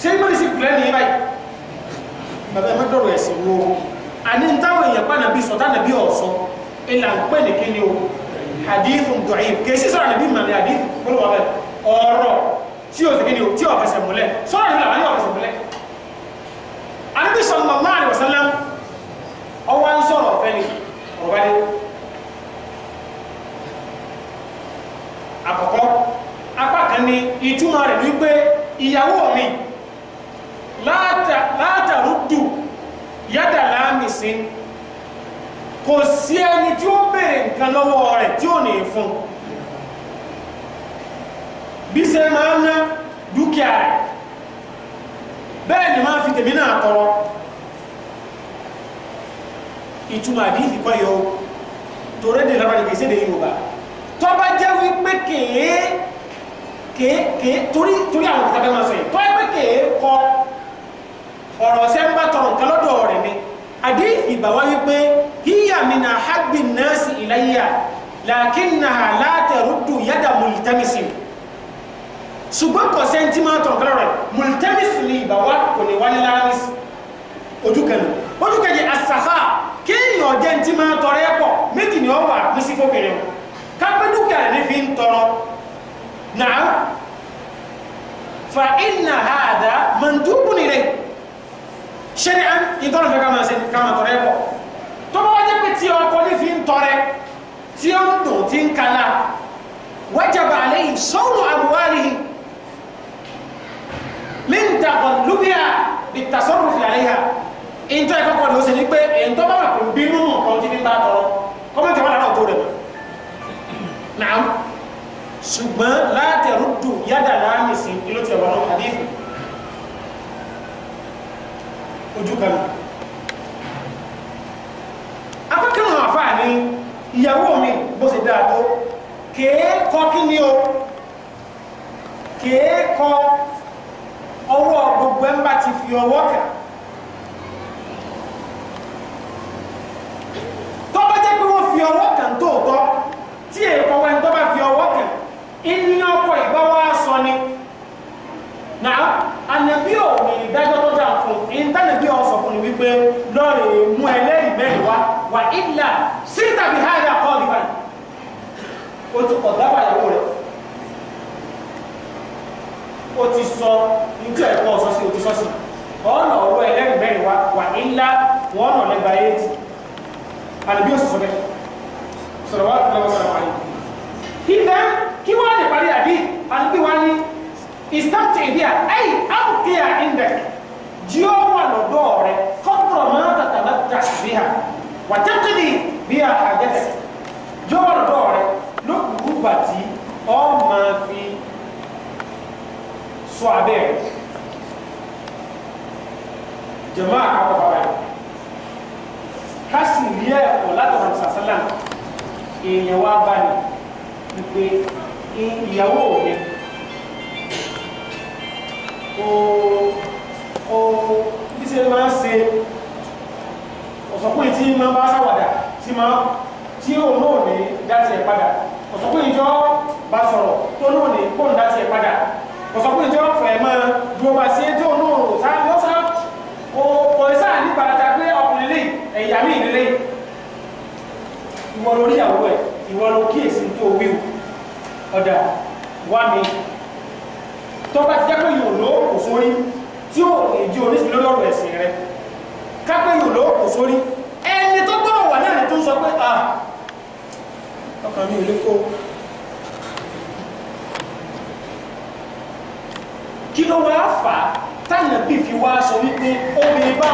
ṣé mọ́lẹ́sì pìlẹ́ nìyí báyìí bàbá ẹ má dọ̀rọ̀ ẹ̀sìn wo àní táwọn èèyàn pa nàbí sọ̀tá nàbí ọ̀sọ́ ìlà ń pè ní kíni o hadithun da'if kèsì sọ̀rọ̀ nàbí màmí hadith gbọ́dọ̀ wà bẹ́ẹ̀ ọ̀rọ̀ tí o sì kíni o tí o fẹsẹ̀ múlẹ̀ sọ̀rọ̀ nílò àwọn yóò fẹsẹ̀ múlẹ̀ Ànábì sallallahu alaihi wasallam ọwọ́ ń sọ̀rọ̀ ọ̀fẹ́ ni ọ̀bá ni àkọ́kọ́ apá kan ni ìtumọ̀ rẹ̀ wípé ìyàwó mi látàrúdù yàtà láàmìsín kò sí ẹni tí ó béèrè nǹkan lọ́wọ́ rẹ̀ tí ò ní fún bí ṣe máa ń ná dúkìá rẹ̀ bẹ́ẹ̀ ni máa fi tèmi náà tọrọ ìtumọ̀ àdífì kọ́ yóò torí èdè lábàdì de sédè yorùbá tó o jẹ́ wípé kèé kèé torí torí àwọn òkúta bẹ́ẹ̀ máa sọ yìí tó bá jẹ́ pé kèé kọ ọ̀rọ̀ ṣẹ́ ń bá tọrọ nǹkan lọ́dọ̀ hadithi bá wáyé pé hiya mina habbi nasi ilayya lakinnaha la taruddu yada multamisin ṣùgbọ́n kò sẹ́ńtì máa tọ̀ kọ́lọ́ rẹ̀ multamisin ni ìbá wa kò ní wá ní láàrín ojú kẹnu ojú kẹjì asafa kéèyàn jẹ́ ntí máa tọrọ pọ̀ méjì ni ó wà bísí fóbìnrin kápẹ́ dúkìá ní fi ń tọrọ náà fa inna hadha mandubun ilayhi ṣẹ́ni án ìtọ́nà fẹ́ ká máa ṣe ká máa tọrẹ pọ̀ tó bá wájẹ́ pé tí ọkọ ní fi ń tọrẹ tí ó ń dùn tí ń kala wájàbà àléyìn sọ́ọ̀nù àbúwárìhì mí ń dàgbọ̀ lúbíà ìtàsọ́rù fi àléyà ìtọ́ ìkọ́kọ́ ni ó ṣe ní pé èyí tó bá wà kó bínú nǹkan tí ní bá tọrọ kọ́mọ̀tì wà lára òtó rẹ̀ mọ́ nàám ṣùgbọ́n látẹ̀rù dùn yádà láàmì sí ilé tí ọ̀rọ̀ ojú kan akọ́kẹ́rù hàn fáà ní ìyàwó mi bó ṣe dáa tó kèé kọ kí ni o kèé kọ ọwọ́ gbogbo ẹ̀ ń bá ti fi ọwọ́ kà tọ́bọ́jẹ́ pé wọ́n fi ọwọ́ kà ń tóòtọ́ tí èèkọ́wẹ́ ń tọ́bọ́ náà ànàbí ò ní ìdájọ́ tó dà fún ìntànàbí ọ̀ sọ fún ni wípé lọ́ọ̀rẹ̀ mú ẹlẹ́rìí mẹ́rin wá wà ìlà sí tàbí háyà kọ́ọ̀lì báyìí o ti kọ̀ dábàá ìyàwó rẹ̀ o ti sọ ní tí ẹ̀kọ́ ọ̀sọ́ sí o ti sọ sí ọ̀nà ọ̀rọ̀ ẹlẹ́rìí mẹ́rin wá wà ńlá wọ́n nà lẹ́gbà éèdì àdàbí ó sì sọ bẹ́ẹ̀ sọ̀rọ̀ wá lọ́wọ́ sọ̀rọ̀ wáyé. ìfẹ́ kí wọ́n lè parí استمتع بها أي أبقيها عندك جيوم لدور قدر ما تتمتع بها وتقضي بها حاجتك جيوم لدور لقربتي أو ما في صعبين جماعة كفارين kasi rí ẹ̀kọ́ látọ̀rọ̀ sàṣálà èèyàn wá bá ní kò kò bí ṣe máa ń ṣe ọ̀sọ̀kùnrin tí máa bá ṣàwàdà tí máa tí òun náà ní dáti ẹ̀ padà ọ̀sọ̀kùnrin jọ bá sọ̀rọ̀ tó náà ní kó ń dáti ẹ̀ padà ọ̀sọ̀kùnrin jọ fẹ̀ máa dúró bá sí tó náà rò sá lọ́sà kò sá nípa ta pé ọkùnrin lè ẹ̀yà mí ìrẹ́lẹ̀ ìwọ lórí ìyàwó ẹ̀ ìwọ ló kíyèsí tó wíwù ọ̀dà wá mi tọ́ba jẹ́ pé yóò ló kò sórí tí ó èdè oníṣẹ́ lórí ọ̀rọ̀ ẹ̀sìn rẹ kápẹ́ yóò ló kò sórí ẹni tó gbọ́dọ̀ wà náà ni tó ń sọ pé à ọkàn mi ò lè kó kí ló wá fà á táyà bí fi wá sọ wípé obìnrin bá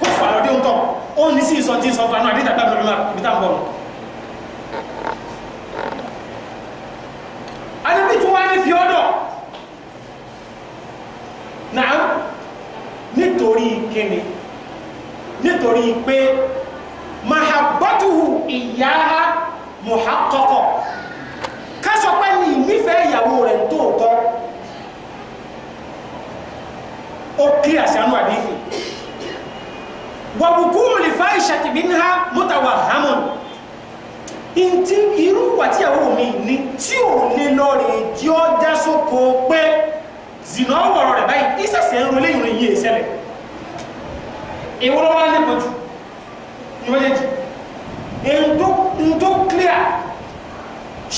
kó fà lọ́dẹ́ ń tọ̀ ó ní sí ìsọ tí ń sọ fún àná àdéhùn àgbà mi ló ń bọ̀ adébí tí wọ́n ní fi ọ́dọ̀ náà nítorí kíni nítorí pé mahabatuhu ìyáha muhaqqaqa kásọpẹ́ ní nífẹ̀ẹ́ ìyàwó rẹ̀ tó tọ́ ó kí àṣánú àdífì wàbùkúrò lè fà ìṣàtìbí ní ha mọ́tàwà hamon irú tí ìyàwó mi tí ò lè lọ jọ́ dá sóko pé zina wọ̀rọ̀ rẹ̀ báyìí ìsẹ̀sẹ̀ ń rolé ìrìn yìí ìṣẹ̀lẹ̀ ìwọ́lọ́wọ́ alẹ́ pẹ̀jù ìwọ́lẹ́jì èntó clear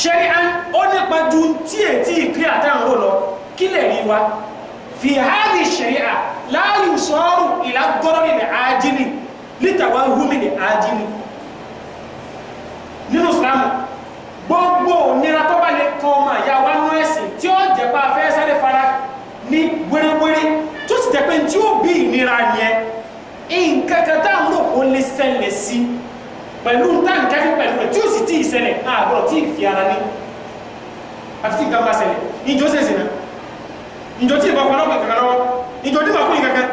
ṣẹ́rí án ó nípa ju tí è tí clear táwọn rò lọ kí lè rí wa fi hádì ṣẹ̀rí à láàyè sọ́ọ̀rù ìlà gọ́rọ̀rì ní ájílì lítàwá húmi ní ájílì nínú ìsìlámù gbogbo nira tó bá lè kọ́ ọmọ tí ó jẹ́ pa afẹ́ sáré fara ní wéréwéré tó sì jẹ́ pé tí ó bí ìnira yẹn nǹkan kan tá à ń rò ó lè ṣẹlẹ̀ sí pẹ̀lú táǹkà fi pẹ̀lú rẹ̀ tí ó sì tí ì ṣẹlẹ̀ àbúrò tí ì fi ara ní àti tí nǹkan bá ṣẹlẹ̀ ìjọ ṣèṣì náà ìjọ tí ìbọn kan lọ́kàn kankan lọ́wọ́ ìjọ tí ìbọn kankan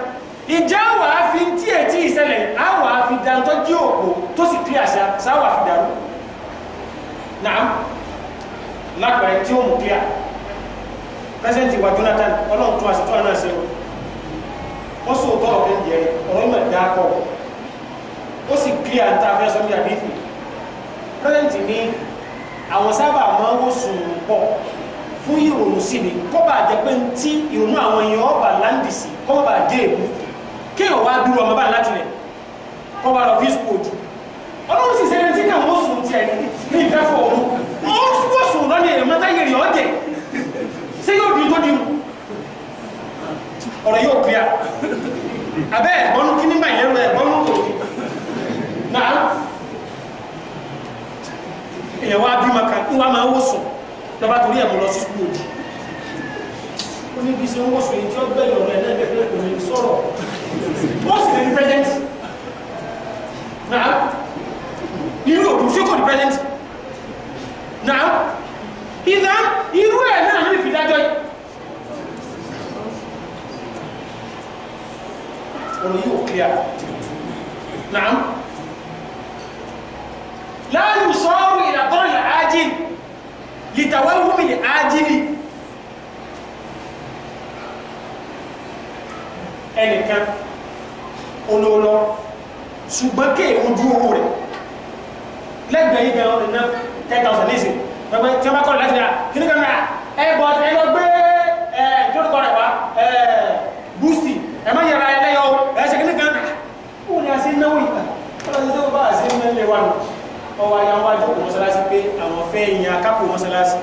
ìjà wà á fi tí ẹ̀ tí ì ṣẹlẹ̀ á wà á fi dantọ́ jí òpó tó sì kí àṣà sáwà fi dàrú náà lápẹ̀rẹ̀ tí ó mú kíá pẹ́sẹ́ǹtì wa Jonathan ọlọ́run tún àṣetọ́ náà ṣe wọ́n sọ òótọ́ ọ̀rẹ́ ìdí ẹ̀rẹ́ ọ̀rọ̀ ìmọ̀ ìdá pọ̀ ó sì kí àǹtà fẹ́ sọ́mi àdéhùn pẹ́sẹ́ǹtì ní àwọn sábà máa ń wòsùn pọ̀ fún ìrònú sí ni kó bàa jẹ́ pé tí ìrònú àwọn èèyàn ọba láǹdì sí kó bàa dé èbú kéèyàn wá dúró ọmọ bá láti rẹ̀ kó bàa lọ fi sùn òjò ọlọ́run sì sẹ́ni tí kàn wọ́n sùn tiẹ̀ ní ìdáfọ̀ òun wọ́n sùn lọ́nà èrè mọ́tá yẹ̀rì ọ̀jẹ̀ ṣé yóò dùn tó dùn ọ̀rọ̀ yóò clear abẹ́ ẹ̀gbọ́nú kí nígbà yẹn lọ ẹ̀gbọ́nú kò náà èèyàn wá bí maka ń wá máa wòsàn lọ́ba torí ẹ̀ mọ́ lọ sí sukùl òjì ó ní bí ṣe ń wòsàn èyí tí ó gbẹ̀lẹ̀ ọ̀rọ̀ ẹ̀ náà gbẹ̀gbẹ̀ kò ní sọ̀rọ̀ wọ́n sì lè ní present náà irú òkú ṣé kò ní present náà ìdá irú ẹ̀ náà ní ìfidájọ́ yìí. ọ̀rọ̀ yìí ò kíá náà láàyè sọ́ọ̀rù ìlàtọ́rọ̀ ìlà ájìl lìtàwẹ́wùmí ní ájìlì ẹnìkan olóòlọ́ ṣùgbọ́n kéèwọ́n dúró rẹ̀ lẹ́gbẹ̀ẹ́ yìí gan 10,000 nísìnyí gbẹgbẹ tí wọn bá kọ láti dà kíni kan náà ẹ bọ ẹ lọ gbé ẹ jọlọkọ rẹ wa ẹ búùsì ẹ má yàrá ẹ lẹyọ ẹ ṣe kíni kan náà kó ní a ṣe náwó yìí kọlọ ṣe sẹwọn bá a ṣe ní ilé wa nù ọwọ ayé àwọn àjọkù mọ́sálásí pé àwọn fẹ́ yan akápò mọ́sálásí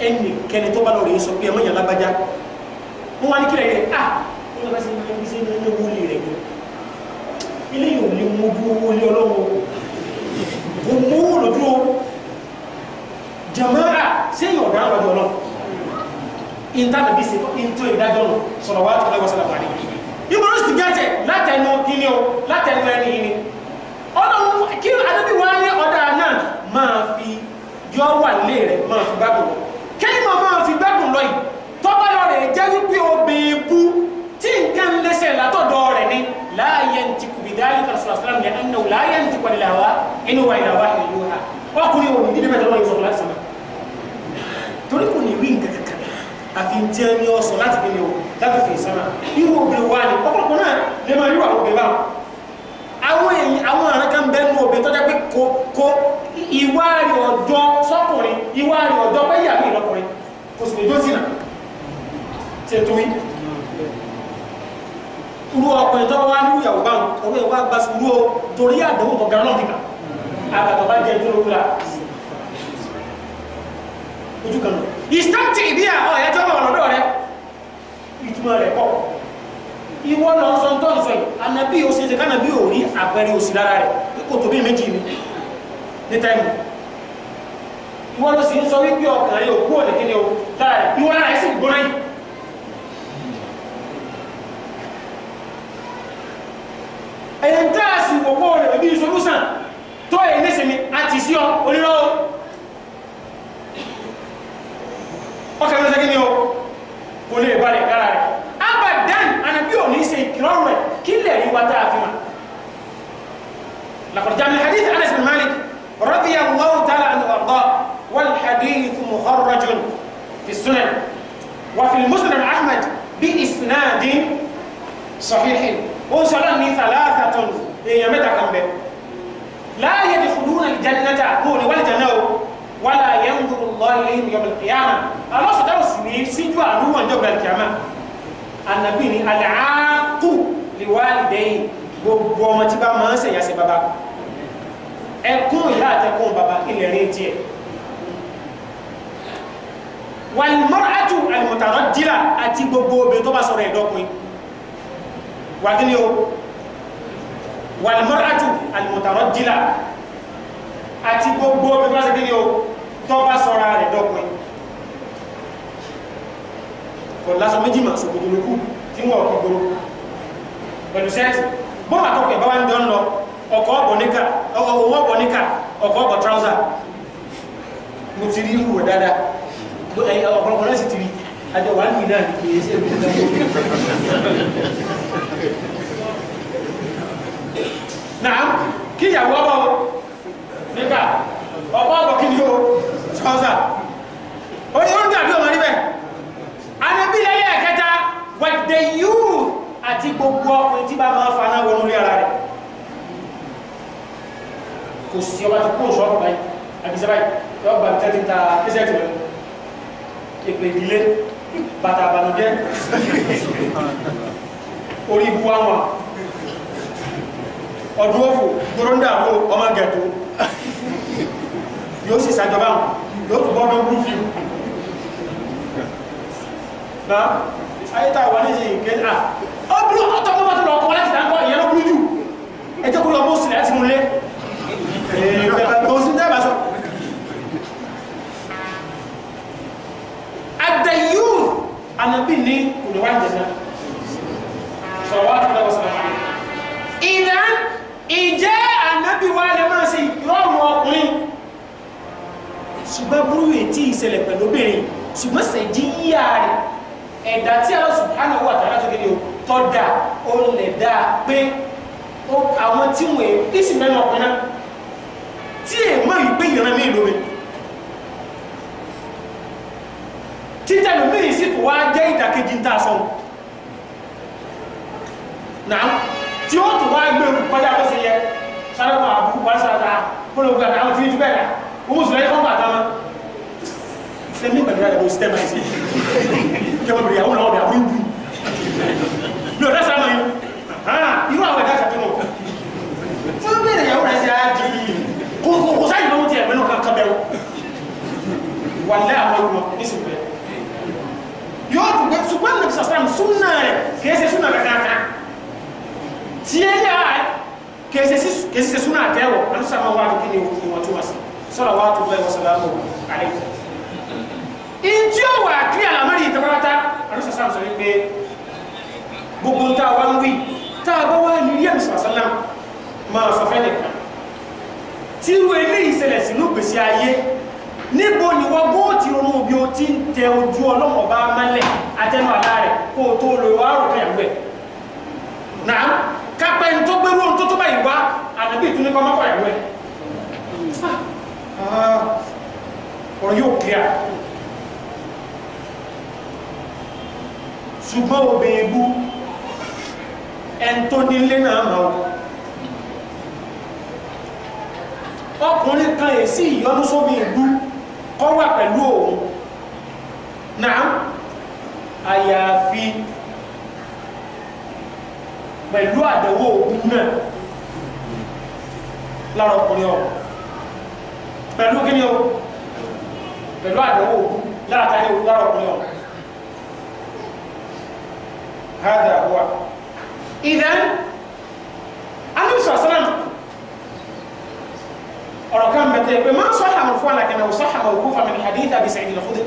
ẹnì kẹni tó bá lọ sọ pé ẹ má yàrá lágbájá wọn wá ní kílẹ̀ yẹ ah wọn lọ bá ṣe ní ẹbí ṣe ní ẹwọ́ lè rẹ̀ gbọ́ jàmáà sẹ́yìn ọ̀dà àwàjọ náà ìntànà bí sèkọ́ ìntò ìdájọ́ nù sọ̀rọ̀ wá tọ́lá wọ́sọ̀lá wà nìyí ìgbòrò sì gẹ́sẹ̀ látẹnu kíni o látẹnu ẹni yìí ni ọlọ́run kí adébí wá ní ọ̀dà náà máa fi yọ wà lé rẹ̀ máa fi gbádùn lọ kẹ́yìnmọ̀ máa fi gbádùn lọ yìí tọ́ba lọ rẹ̀ jẹ́ wípé obìnrin e bú tí nǹkan lẹ́sẹ̀ látọ̀dọ̀ rẹ̀ ni láàyè ntì kùbìdáyì kan sọ̀rọ̀ sọ̀rọ̀ mi ẹ̀ ń náwó láàyè ntì kọ́ni làwà inú wa ìlàwà ìlú wa ọkùnrin òní dídí mẹ́ta lọ́wọ́ yóò sọ̀rọ̀ láti sọ̀rọ̀ torí kò ní rí nǹkan kankan àfi ń jẹ́ ní ọ̀sán láti fi lè o láti fi sánà irú obìnrin wa ni ọ̀pọ̀lọpọ̀ náà lè máa ríwà obìnrin bá àwọn èyí àwọn àrùn kan bẹ́ẹ̀ nú obìnrin tọ́jà pé kò kò ìwà rẹ̀ ọ̀dọ́ sọ́kùnrin ìwà rẹ̀ ọ̀dọ́ pé ìyàwó ìlọkùnrin kò sì lè jó sínà ṣe tó yí irú ọkùnrin tó wá ní ìyàwó báwọn ọwọ́ o torí àdánwò tó gan náà kíkà àbàtọ̀ bá jẹ́ tó ojú kan lọ ìsítẹ́ǹtì ìdí à ọ̀ ẹ̀jọ́ bọ̀ lọ́dọ̀ rẹ ìtumọ̀ rẹ̀ pọ̀ ìwọ lọ sọ tó ń sọ yìí anabi òsì ṣe kánabi ò rí àpẹẹrẹ òsì lára rẹ kò tóbi méjì ni ní táìmù ìwọ lọ sì ń sọ wípé ọkàn rẹ òkú ọ̀dẹ̀ kí ni o lára rẹ ìwọ lára rẹ sì gbóná yìí. ẹ̀yẹ̀ ń tá a sì wọ́pọ̀ rẹ̀ bí solúsàn tó ẹ̀ lẹ́sẹ̀ mi àti sí ọ onírọ̀ وتا فيما لقد جاء من حديث انس بن مالك رضي الله تعالى عنه وارضاه والحديث مخرج في السنن وفي المسلم احمد باسناد صحيح وصلني ثلاثه يمتى إيه، كم لا يدخلون الجنه قول والجنه ولا ينظر الله اليهم يوم القيامه الله سبحانه وتعالى سنجوا عنه يوم القيامه النبي العاق liwalidẹ́yìn gbogbo ọmọ tí bá máa ń sèyàn sí baba ẹkún ìyá àtẹkùn baba ilẹ̀ rìn tiẹ̀ wàlmọ́ràtù àlùmọ̀tàrọ́dìlà àti gbogbo obìnrin tó bá sọ̀rọ̀ ẹ̀dọ́kùnrin wà kí ni o wàlmọ́ràtù àlùmọ̀tàrọ́dìlà àti gbogbo obìnrin tó bá sọ̀rọ̀ kí ni o tó bá sọ̀rọ̀ ẹ̀dọ́kùnrin kò lásán méjì mà sòkòtò lókù tí wọ́n kò gbòòrò but sẹ́ẹ̀tì bọ́n àtọ́kọ̀ ìbá wa ń dán lọ ọkọ̀ ọ̀bọ̀ níkà ọwọ́ ọ̀bọ̀ trouser mo ti rí irú rẹ̀ dáadáa eh, eh, ọ̀pọ̀lọpọ̀ náà sì ti rí àjọ wà naanị náà kì í ṣe èmi naanị náà kí ìyàwó ọ̀bọ̀ níkà ọkọ̀ àti gbogbo ọkùnrin tí bá máa fa náà wọnú lé ara rẹ̀ kò sí ọba tó kúrò sọ́ọ̀rọ̀ báyìí àbíṣẹ́ báyìí yọ gbà tẹ́ ti ta ẹsẹ̀ tìlẹ̀ èpè ìdílé bàtà àbànújẹ́ orí ibu wa wà ọdún òfò gbọ́dọ̀ ń dààmú ọmọ gẹ̀ẹ́tò yóò sì ṣàjọba àwọn yóò tún bọ́dọ̀ bú fi na ayé tá a wà nísìnyí kéde ah, ọdún ọtọ tó bá tó lọ ọkọ láti dáńkọ ìyẹn ló burú jù ẹ jẹ́ kó lọ mọ́ sílẹ̀ láti mú lé òsì dábàá sọ. àdàyù ànábì ní olùwà ìjẹ̀dá sọ̀rọ̀ àtúndà wọ́n sọ̀rọ̀ ìdá ìjẹ́ ànábì wa lè máa ṣe ìrọ̀rùn ọkùnrin ṣùgbọ́n burú ètí ìṣẹ̀lẹ̀ pẹ̀lú obìnrin ṣùgbọ́n ṣèjì yíyá rẹ̀ ẹ̀dá tí Allah subhanahu wa ta'ala tó kéde o tọ́ da ó lè dá pé àwọn tí wọ́n èé ìsìn mẹ́nu ọ̀pẹ́ náà tí èé mọ́ ìgbé ìran mi lómi títẹ̀ lómi yìí sì kò wá jẹ́ ìdàkejì ń tà sọ́wọ́ náà tí ó tó wá gbé kọjá bó ṣe yẹ sáré kan àbúkù wá sára ta kó ló àwọn tí ń ju bẹ́ẹ̀ rà owó sùn lẹ́yìn fún bàtà wọn. ṣé mi gbàgbé rẹ̀ ló sí i jama bɛ yan aw la aw bɛ aw bɛ wuli mɛ o da sa ma ye han irú àwọn ẹ̀dá kan tó fún bẹ́ẹ̀ yàwó rẹ̀ ṣe á di kò kò kò sáyìn lọ́wọ́ tiẹ̀ mẹ́nu kan bẹ́ẹ̀ wà lẹ́ àwọn olùmọ̀ ní sìn bẹ́ẹ̀ yóò tún gbé ṣùgbọ́n nàbí sàsàràm súnà rẹ̀ kìí ṣe súnà kankan tiẹ̀ yà kìí ṣe súnà àtẹ́wọ̀ alùsàmà wà lókè ní ìwọ̀ntúnwàsí sọ̀rọ̀ wà tó bẹ́ẹ̀ wọ́sàlámù àlẹ́kùn ntí ó wà kí àlámọ́rí ìtọ́kọ́ta àrùsọ sáà sọ wípé gbogbo ń tá a wá ń wí tá a bá wá ní rí àmì sàlám máa sọ fẹ́ nìkan tí irú eléyìí ṣẹlẹ̀ sínú gbèsè ayé níbo ni wọ́n bó ti ronú bí o ti ń tẹ ojú ọlọ́mọ bá mẹ́lẹ̀ atẹnu àlá rẹ̀ kó o tó lo ìwà àrùn kan ìwẹ̀ náà kápẹ́ ń tó gbérú ohun tó tó báyìí wá àdàbí ìtúni mọ́kọ̀ ìwẹ̀ ah, ọ̀rọ̀ yóò kíá ṣùgbọ́n obìnrin bú ẹni tó nílé náà mọ̀ ọkùnrin kan èsì ìyọnu sómi ìlú kọ́ wà pẹ̀lú òun náà àyàfi pẹ̀lú àdẹ̀wò òun náà lára ọkùnrin ọ̀hún pẹ̀lú kí ni o pẹ̀lú àdẹ̀wò òun lára tani òun lára ọkùnrin ọ̀hún. هذا هو إذا النبي صلى الله عليه وسلم أركان متيب ما صح مرفوع لكنه صح موقوفا من حديث أبي سعيد الخدري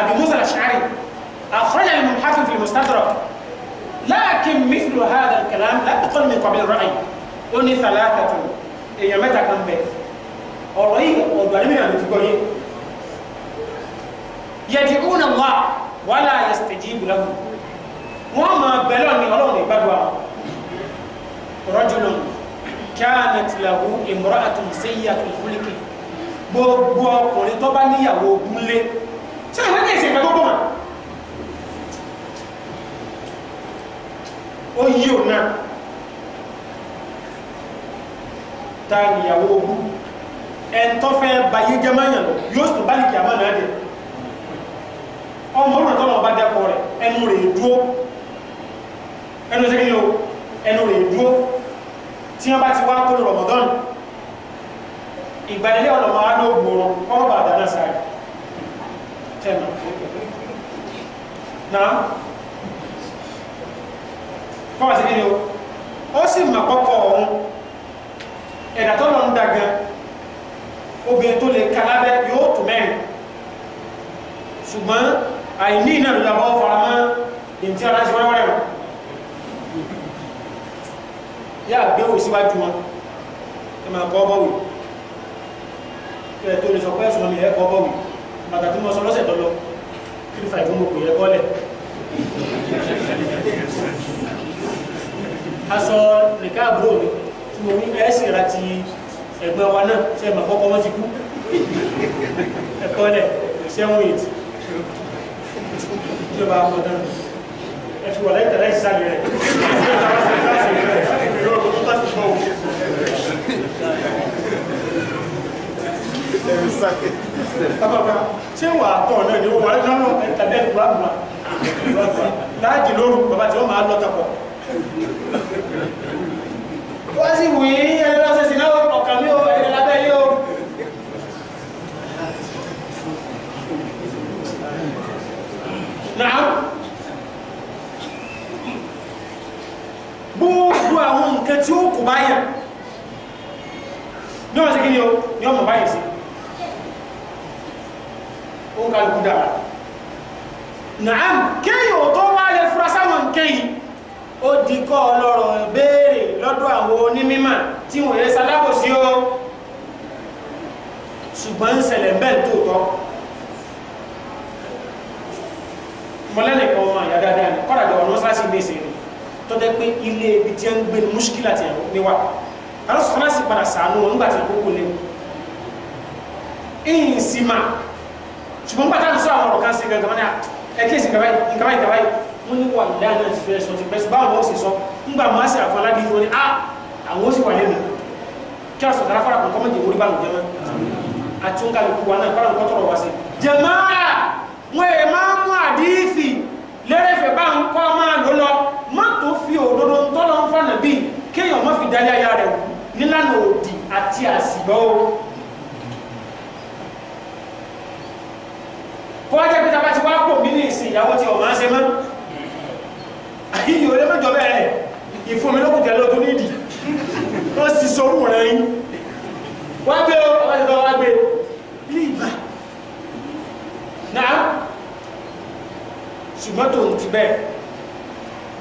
أبي موسى الأشعري أخرج الإمام حاتم في المستدرك لكن مثل هذا الكلام لا تقل من قبل الرأي أني ثلاثة إيه متى كان بيت الرأي والبرمجة اللي يعني يدعون الله ولا يستجيب لهم wọ́n máa bẹ̀lọ́ ní ọlọ́run ìgbàgbọ́ àwọn rajulun kanat lahu imra'atun sayyi'atul khuluqi gbogbo ọkùnrin tó bá níyàwó gúnlé ṣé ìwé ní ìsìn ìgbàgbọ́ wọn. ó yí ò náà ta níyàwó ogún ẹ̀ńtọ́ fẹ́ bayé jẹ́ máa yàn lọ yóò sùn bá ní kìá máa náà dé ọmọ òrùn tó náà bá dẹ́kọ̀ rẹ̀ ẹnu rẹ̀ dúró ẹnu ṣe kí ni o ẹnu rẹ̀ dúró tí wọ́n bá ti wá kó Ramadan ìgbàlélé ọ̀nà máa ló gbòòrò wọ́n bá dáná sáré tẹ̀nà náà kọ́wà sí kí ni o ó sì mà kọ́kọ́ ọ̀hún ẹ̀dà tó lọ ń da gan obìnrin tó lè ka lábẹ́ yóò tù mẹ́rin ṣùgbọ́n àìní náà ló dábọ́ faramọ́ ìntí ara ṣe wẹ́rẹ́wẹ́rẹ́ wọn yá àgbéwò síwájú wọn ẹ máa kọ́ bọ́wì ẹ tó lè sọ pé ẹ̀sùn mi ẹ kọ́ bọ́wì bàtà tí mo sọ lọ́sẹ̀ tó lọ three five mo pè é kọ́lẹ̀ aṣọ nìkan àbúrò mi tí mo wí ẹ sì ra ti ẹgbẹ́ wa náà ṣe máa kọ́kọ́ wọ́n ti kú ẹ kọ́lẹ̀ seven eight ìjọba ọmọdé náà ẹ̀fì wà láyé tẹ̀lá ìsàlẹ̀ rẹ̀ ṣé wà á tọ̀ náà ni ó wà á lọ́nà tàbí ẹ̀kú wà á láàjì lóru bàbá tí wọ́n máa lọ tapọ̀ wọ́n sì wù yí ẹni lọ́sẹ̀ sí náà ọ̀kan mi ò ẹni lábẹ́ yìí o. Nàá. pẹ̀lú àwọn nǹkan tí ó kò báyà ní ọ̀sẹ̀ kí ni ó ní ọmọ báyìí sí ó ń kálukú dára nàám kéèyàn tó wá lè fura sáwọn nǹkan yìí ó di kọ́ ọlọ́rọ̀ béèrè lọ́dọ̀ àwọn onímímọ̀ tí wọ́n yẹ sálábòsí ó ṣùgbọ́n ń ṣẹlẹ̀ bẹ́ẹ̀ tóòtọ́ mọ́lẹ́nìkan ọmọ àyà dáadáa ni kọ́dàjọ́ ọ̀nà sáà sí gbèsè ni tọ́jẹ́ pé ilé ibi tí ń gbé ní múṣkìlà tí ẹ̀rọ níwà alóso fana sì padà sàánú wọn nígbà tí ó kókó léwu ìyìn sì mà ṣùgbọ́n pátá ń sọ àwọn ọ̀rọ̀ kan sí gẹ́gẹ́ wọn ni ẹ̀kí ìsìn kàbáyì ìkàbáyì kàbáyì wọn ní wà láàyè náà ti fẹ́ sọ ti pẹ́sì báwọn ọ̀sẹ̀ sọ ńgbà máa ṣe àfọlá bí wọn ni a àwọn oṣù wà lẹ́nu kí aṣọ tara fara kò kọ́mọ̀ jẹ́ orí báwọn jẹ́mọ́ àti ń kálukú wa náà kọ́ra nǹkan tọrọ wá sí. jẹ̀máà wọn è máa mú àdífì lérèfé bá ń kọ́ máa lò lọ dálé aya rẹ̀ wù nílànà òdì àti àsìgbọ́ o kó wá jẹ́ pé tabati wá pò mí ní ìsìn ìyàwó tí ọ̀mà ṣe mọ́ àyíyí olè mẹ́jọ bẹ́ẹ̀ ìfúnmilókùn tẹ̀lé ọdún nídìí wọ́n sì sọ òun rẹ̀ yín wá gbé o wá gbé o wá gbé o bí ìgbà náà ṣùgbọ́n tó ń ti bẹ́ẹ̀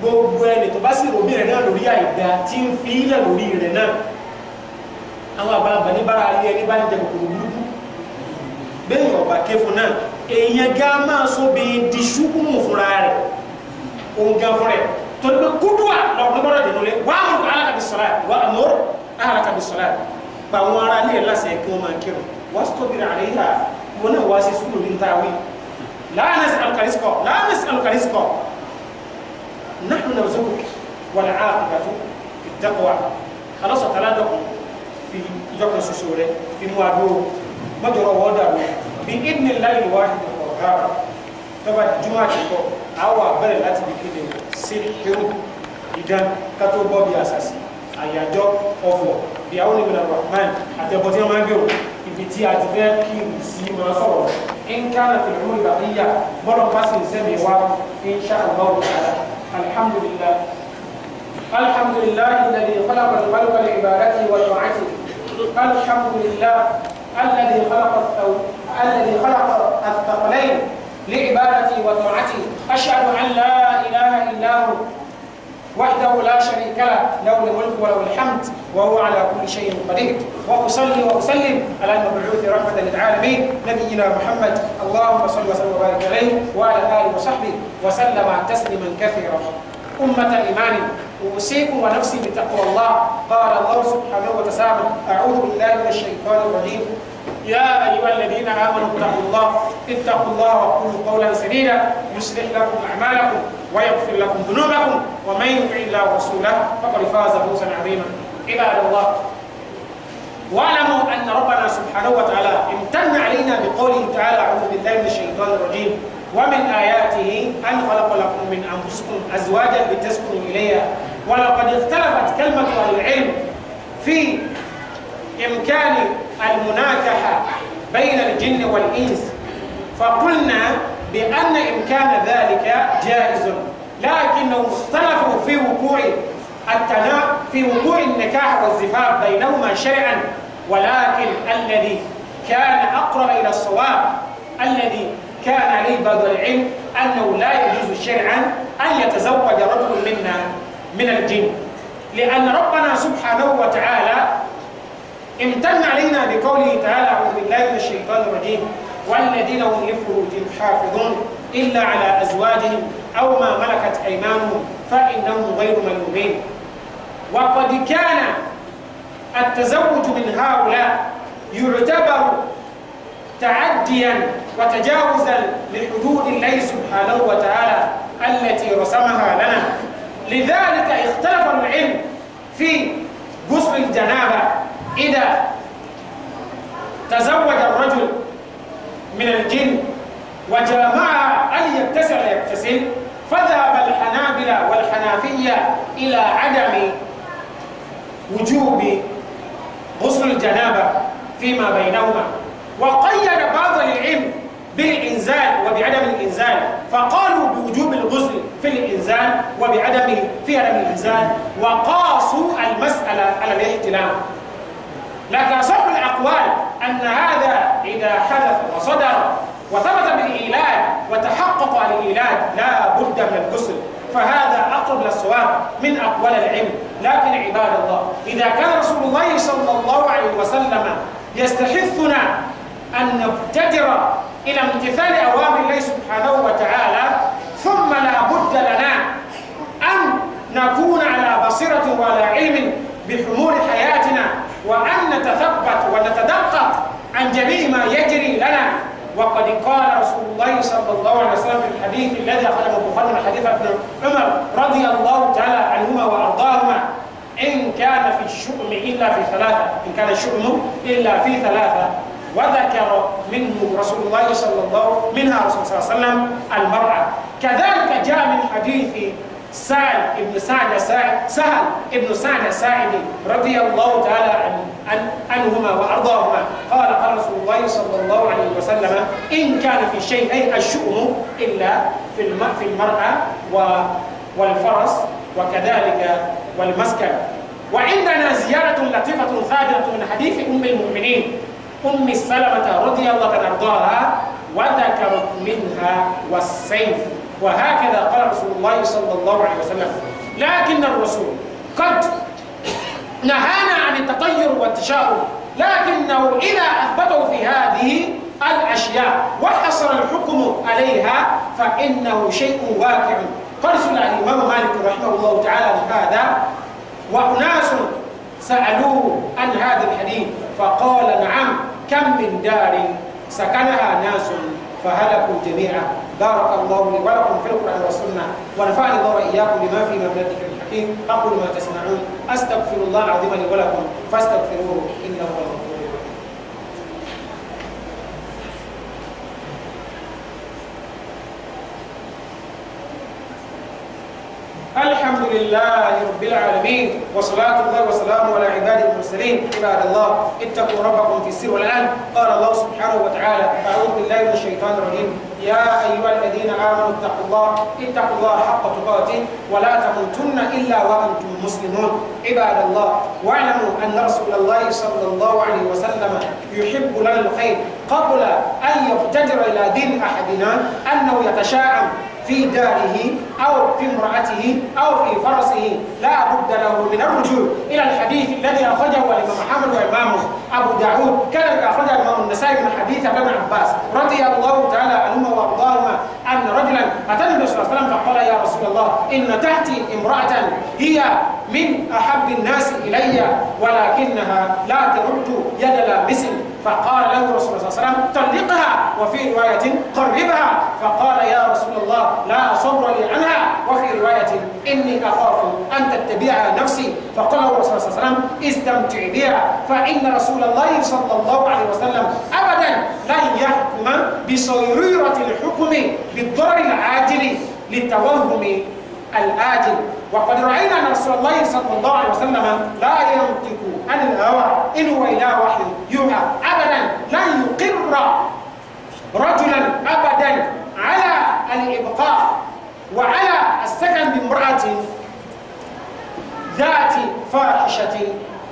gbogbo ẹni tó bá sì rò mí rẹ̀ náà lórí àìdá tí ń fi ilẹ̀ lórí rẹ̀ náà àwọn àgbàlagbà ní bára alẹ́ ẹni bá ń jẹ kòkòrò burúkú bẹ́ẹ̀ ọ̀bà ké fún náà èèyàn ga máa so bí di ṣùkùmù fúnra rẹ̀ òun ga fún rẹ̀ torí pé kúdùà lọ́kùnrin bọ́dọ̀ dènú lé wà á mú alákàbí sọ̀rọ̀ wà á mọ̀ọ́rọ̀ alákàbí sọ̀rọ̀ pa àwọn ará ilé lásẹ̀ kí wọ́n máa kírun wà á sọ̀tọ̀ bìrì àlẹ́ yìí wọn náà wá sí sùkúrù ní ntàwé láàánú sí alukarisikọ láàánú نحن نرزقك والعاقبة في التقوى الله تعالى في يوكنا سسورة في موادو مجرى وادرو بإذن الله الواحد القهار تبا جمعة تقو أو أبرل التي بكده سيحيو إذن كتوبة بأساسي àyájọ́ ọ̀fọ̀ bí àwọn ìbìnà rahman àtẹ̀bọ̀ tí wọ́n máa ń gbèrò ibi tí a ti fẹ́ kí n sí máa sọ̀rọ̀ ń kára fìlú ìgbà níyà bọ́lọ̀ الحمد لله الحمد لله الذي خلق الخلق لعبادته وطاعته الحمد لله الذي خلق الذي خلق الثقلين لعبادتي وطاعتي أشهد أن لا إله إلا هو وحده لا شريك له له الملك وله الحمد وهو على كل شيء قدير واصلي واسلم على المبعوث رحمه للعالمين نبينا محمد اللهم صل وسلم وبارك عليه وعلى اله وصحبه وسلم تسليما كثيرا امه الإيمان اوصيكم ونفسي بتقوى الله قال الله سبحانه وتعالى اعوذ بالله من الشيطان الرجيم يا أيها الذين آمنوا اتقوا الله اتقوا الله وقولوا قولا سديدا يصلح لكم أعمالكم ويغفر لكم ذنوبكم ومن يطع الله ورسوله فقد فاز فوزا عظيما عباد الله واعلموا ان ربنا سبحانه وتعالى امتن علينا بقوله تعالى اعوذ بالله من الشيطان الرجيم ومن اياته ان خلق لكم من انفسكم ازواجا لتسكنوا اليها ولقد اختلفت كلمه اهل العلم في امكان المناكحه بين الجن والانس فقلنا بأن إمكان ذلك جائز لكنهم اختلفوا في وقوع التنا في وقوع النكاح والزفاف بينهما شرعا ولكن الذي كان أقرب إلى الصواب الذي كان عليه بعض العلم أنه لا يجوز شرعا أن يتزوج رجل منا من الجن لأن ربنا سبحانه وتعالى امتن علينا بقوله تعالى أعوذ بالله من الشيطان الرجيم والذين هم لفروجهم حافظون إلا على أزواجهم أو ما ملكت أيمانهم فإنهم غير ملومين وقد كان التزوج من هؤلاء يعتبر تعديا وتجاوزا لحدود الله سبحانه وتعالى التي رسمها لنا لذلك اختلف العلم في غسل الجنابه اذا تزوج الرجل من الجن وجامع أن يتسل يبتسم فذهب الحنابلة والحنافية إلى عدم وجوب غسل الجنابة فيما بينهما وقيد بعض العلم بالإنزال وبعدم الإنزال فقالوا بوجوب الغسل في الإنزال وبعدمه في عدم الإنزال وقاسوا المسألة على الاحتلام لكن صح الأقوال أن هذا إذا حدث وصدر وثبت بالإيلاد وتحقق الإيلاد لا بد من الكسر فهذا أقرب للصواب من أقوال العلم لكن عباد الله إذا كان رسول الله صلى الله عليه وسلم يستحثنا أن نبتدر إلى امتثال أوامر الله سبحانه وتعالى ثم لا بد لنا أن نكون على بصيرة وعلى علم بحمول حياتنا وأن نتثبت ونتدقق عن جميع ما يجري لنا وقد قال رسول الله صلى الله عليه وسلم في الحديث الذي أخرجه البخاري من حديث ابن عمر رضي الله تعالى عنهما وأرضاهما إن كان في الشؤم إلا في ثلاثة إن كان الشؤم إلا في ثلاثة وذكر منه رسول الله صلى الله منها رسول الله صلى الله عليه وسلم المرأة كذلك جاء من حديث سعد ابن سعد سهل ابن سعد الساعدي رضي الله تعالى عن عن عنهما وارضاهما قال قال رسول الله صلى الله عليه وسلم ان كان في شيء الشؤم الا في في المراه والفرس وكذلك والمسكن وعندنا زيارة لطيفة ثابتة من حديث أم المؤمنين أم سلمة رضي الله عنها وذكرت منها والسيف وهكذا قال رسول الله صلى الله عليه وسلم لكن الرسول قد نهانا عن التطير والتشاؤم لكنه إذا أثبته في هذه الأشياء وحصل الحكم عليها فإنه شيء واقع قد الإمام مالك رحمه الله تعالى لهذا وأناس سألوه عن هذا الحديث فقال نعم كم من دار سكنها ناس فهلكوا جميعا بارك الله لي ولكم في القرآن والسنة ونفعني الله وإياكم بما في مبلغك الحكيم أقول ما تسمعون أستغفر الله العظيم لي ولكم فاستغفروه إنه هو الغفور الحمد لله رب العالمين وصلاة الله وسلامه على عباد المرسلين عباد الله اتقوا ربكم في السر والعلم قال الله سبحانه وتعالى أعوذ بالله من الشيطان الرجيم يا أيها الذين آمنوا اتقوا الله اتقوا الله حق تقاته ولا تموتن إلا وأنتم مسلمون عباد الله واعلموا أن رسول الله صلى الله عليه وسلم يحب لنا الخير قبل أن يبتدر إلى دين أحدنا أنه يتشاءم في داره أو في امرأته أو في فرسه لا بد له من الرجوع إلى الحديث الذي أخرجه الإمام محمد وإمامه أبو داود كذلك أخرجه الإمام النسائي من حديث ابن عباس رضي الله تعالى عنهما وأرضاهما أن رجلا أتى النبي صلى الله عليه وسلم فقال يا رسول الله إن تأتي امرأة هي من أحب الناس إلي ولكنها لا ترد يد لابسٍ فقال له رسول الله صلى الله عليه وسلم طلقها وفي رواية قربها فقال يا رسول الله لا صبر لي عنها وفي رواية إني أخاف أن تتبعها نفسي فقال له الرسول صلى الله عليه وسلم استمتع بها فإن رسول الله صلى الله عليه وسلم أبدا لن يحكم بصيرورة الحكم بالضرر العاجل للتوهم الآجل وقد راينا ان رسول الله صلى الله عليه وسلم لا ينطق عن الهوى ان هو الا وحي يوحى ابدا لن يقر رجلا ابدا على الابقاء وعلى السكن بامراه ذات فاحشه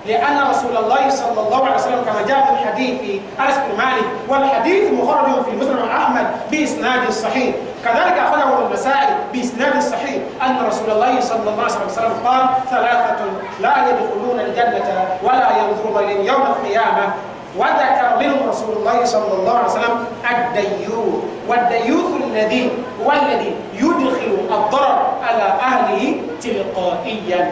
لأن رسول الله صلى الله عليه وسلم كما جاء في الحديث أنس بن مالك والحديث مخرج في مسلم أحمد بإسناد صحيح كذلك أخرجه النسائي بإسناد صحيح أن رسول الله صلى الله عليه وسلم قال ثلاثة لا يدخلون الجنة ولا ينظرون إليهم يوم القيامة وذكر منهم رسول الله صلى الله عليه وسلم الديوث والديوث الذي هو الذي يدخل الضرر على أهله تلقائيا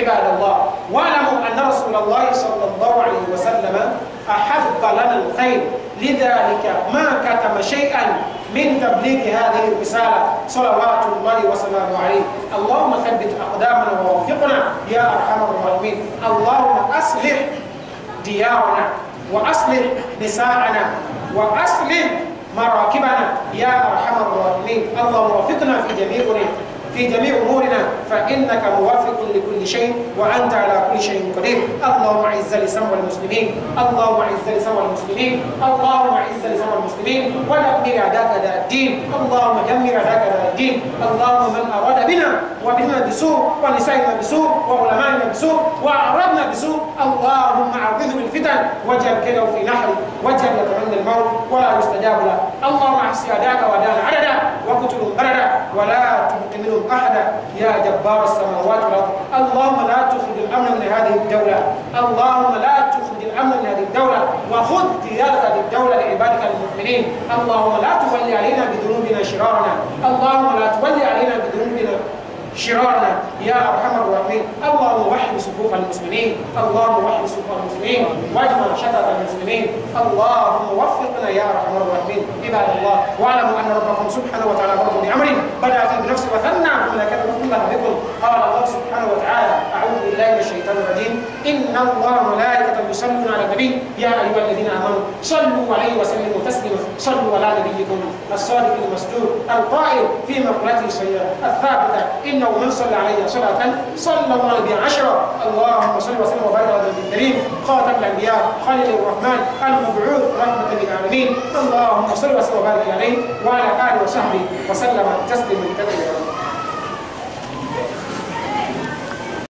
عباد الله واعلموا أن رسول الله صلى الله عليه وسلم أحب لنا الخير لذلك ما كتم شيئا من تبليغ هذه الرسالة صلوات الله وسلامه عليه اللهم ثبت أقدامنا ووفقنا يا أرحم الراحمين اللهم أصلح ديارنا وأصلح نساءنا وأصلح مراكبنا يا أرحم الراحمين اللهم وفقنا في جميع في جميع أمورنا فإنك موافق لكل شيء وأنت على كل شيء قدير اللهم اعز لسوى المسلمين اللهم اعز لسوى المسلمين اللهم اعز لسوى المسلمين ودمر أعداءك أداء الدين اللهم دمر أعداءك أداء الدين اللهم من أراد بنا وبنا بسوء ونسائنا بسوء وعلمائنا بسوء وأعرابنا بسوء اللهم أعوذ بالفتن واجعل كده في نحر واجعل يتمنى الموت ولا يستجاب له اللهم احصي أداءك وأداءنا عددا فاقتلهم أبدا ولا تبق أحدا يا جبار السماوات والأرض اللهم لا تخرج الأمن من هذه الدولة اللهم لا تخرج الأمن من هذه الدولة وخذ قياده هذه الدولة لعبادك المؤمنين اللهم لا تولي علينا بذنوبنا شرارنا اللهم لا تولي علينا بذنوبنا شرارنا يا أرحم الراحمين اللهم وحد صفوف المسلمين اللهم وحد صفوف المسلمين واجمع شتات المسلمين اللهم وفقنا يا أرحم الراحمين عباد الله واعلموا أن ربكم سبحانه وتعالى أمر بأمر بدأ في بنفسه وثنى بملائكته كلها بكم قال الله سبحانه وتعالى أعوذ بالله من الشيطان الرجيم إن الله ملائكته يصلون على النبي يا أيها الذين آمنوا صلوا عليه وسلموا تسليما صلوا على نبيكم الصادق المسجود القائل في مقلته السيئه الثابتة إنه من صلى عليه صلاة صلى الله بها عشرة اللهم صل وسلم وبارك على النبي الكريم خاتم الأنبياء خليل الرحمن المبعوث رحمة للعالمين اللهم صل وسلم وبارك عليه وعلى آله وصحبه وسلم تسليما كثيرا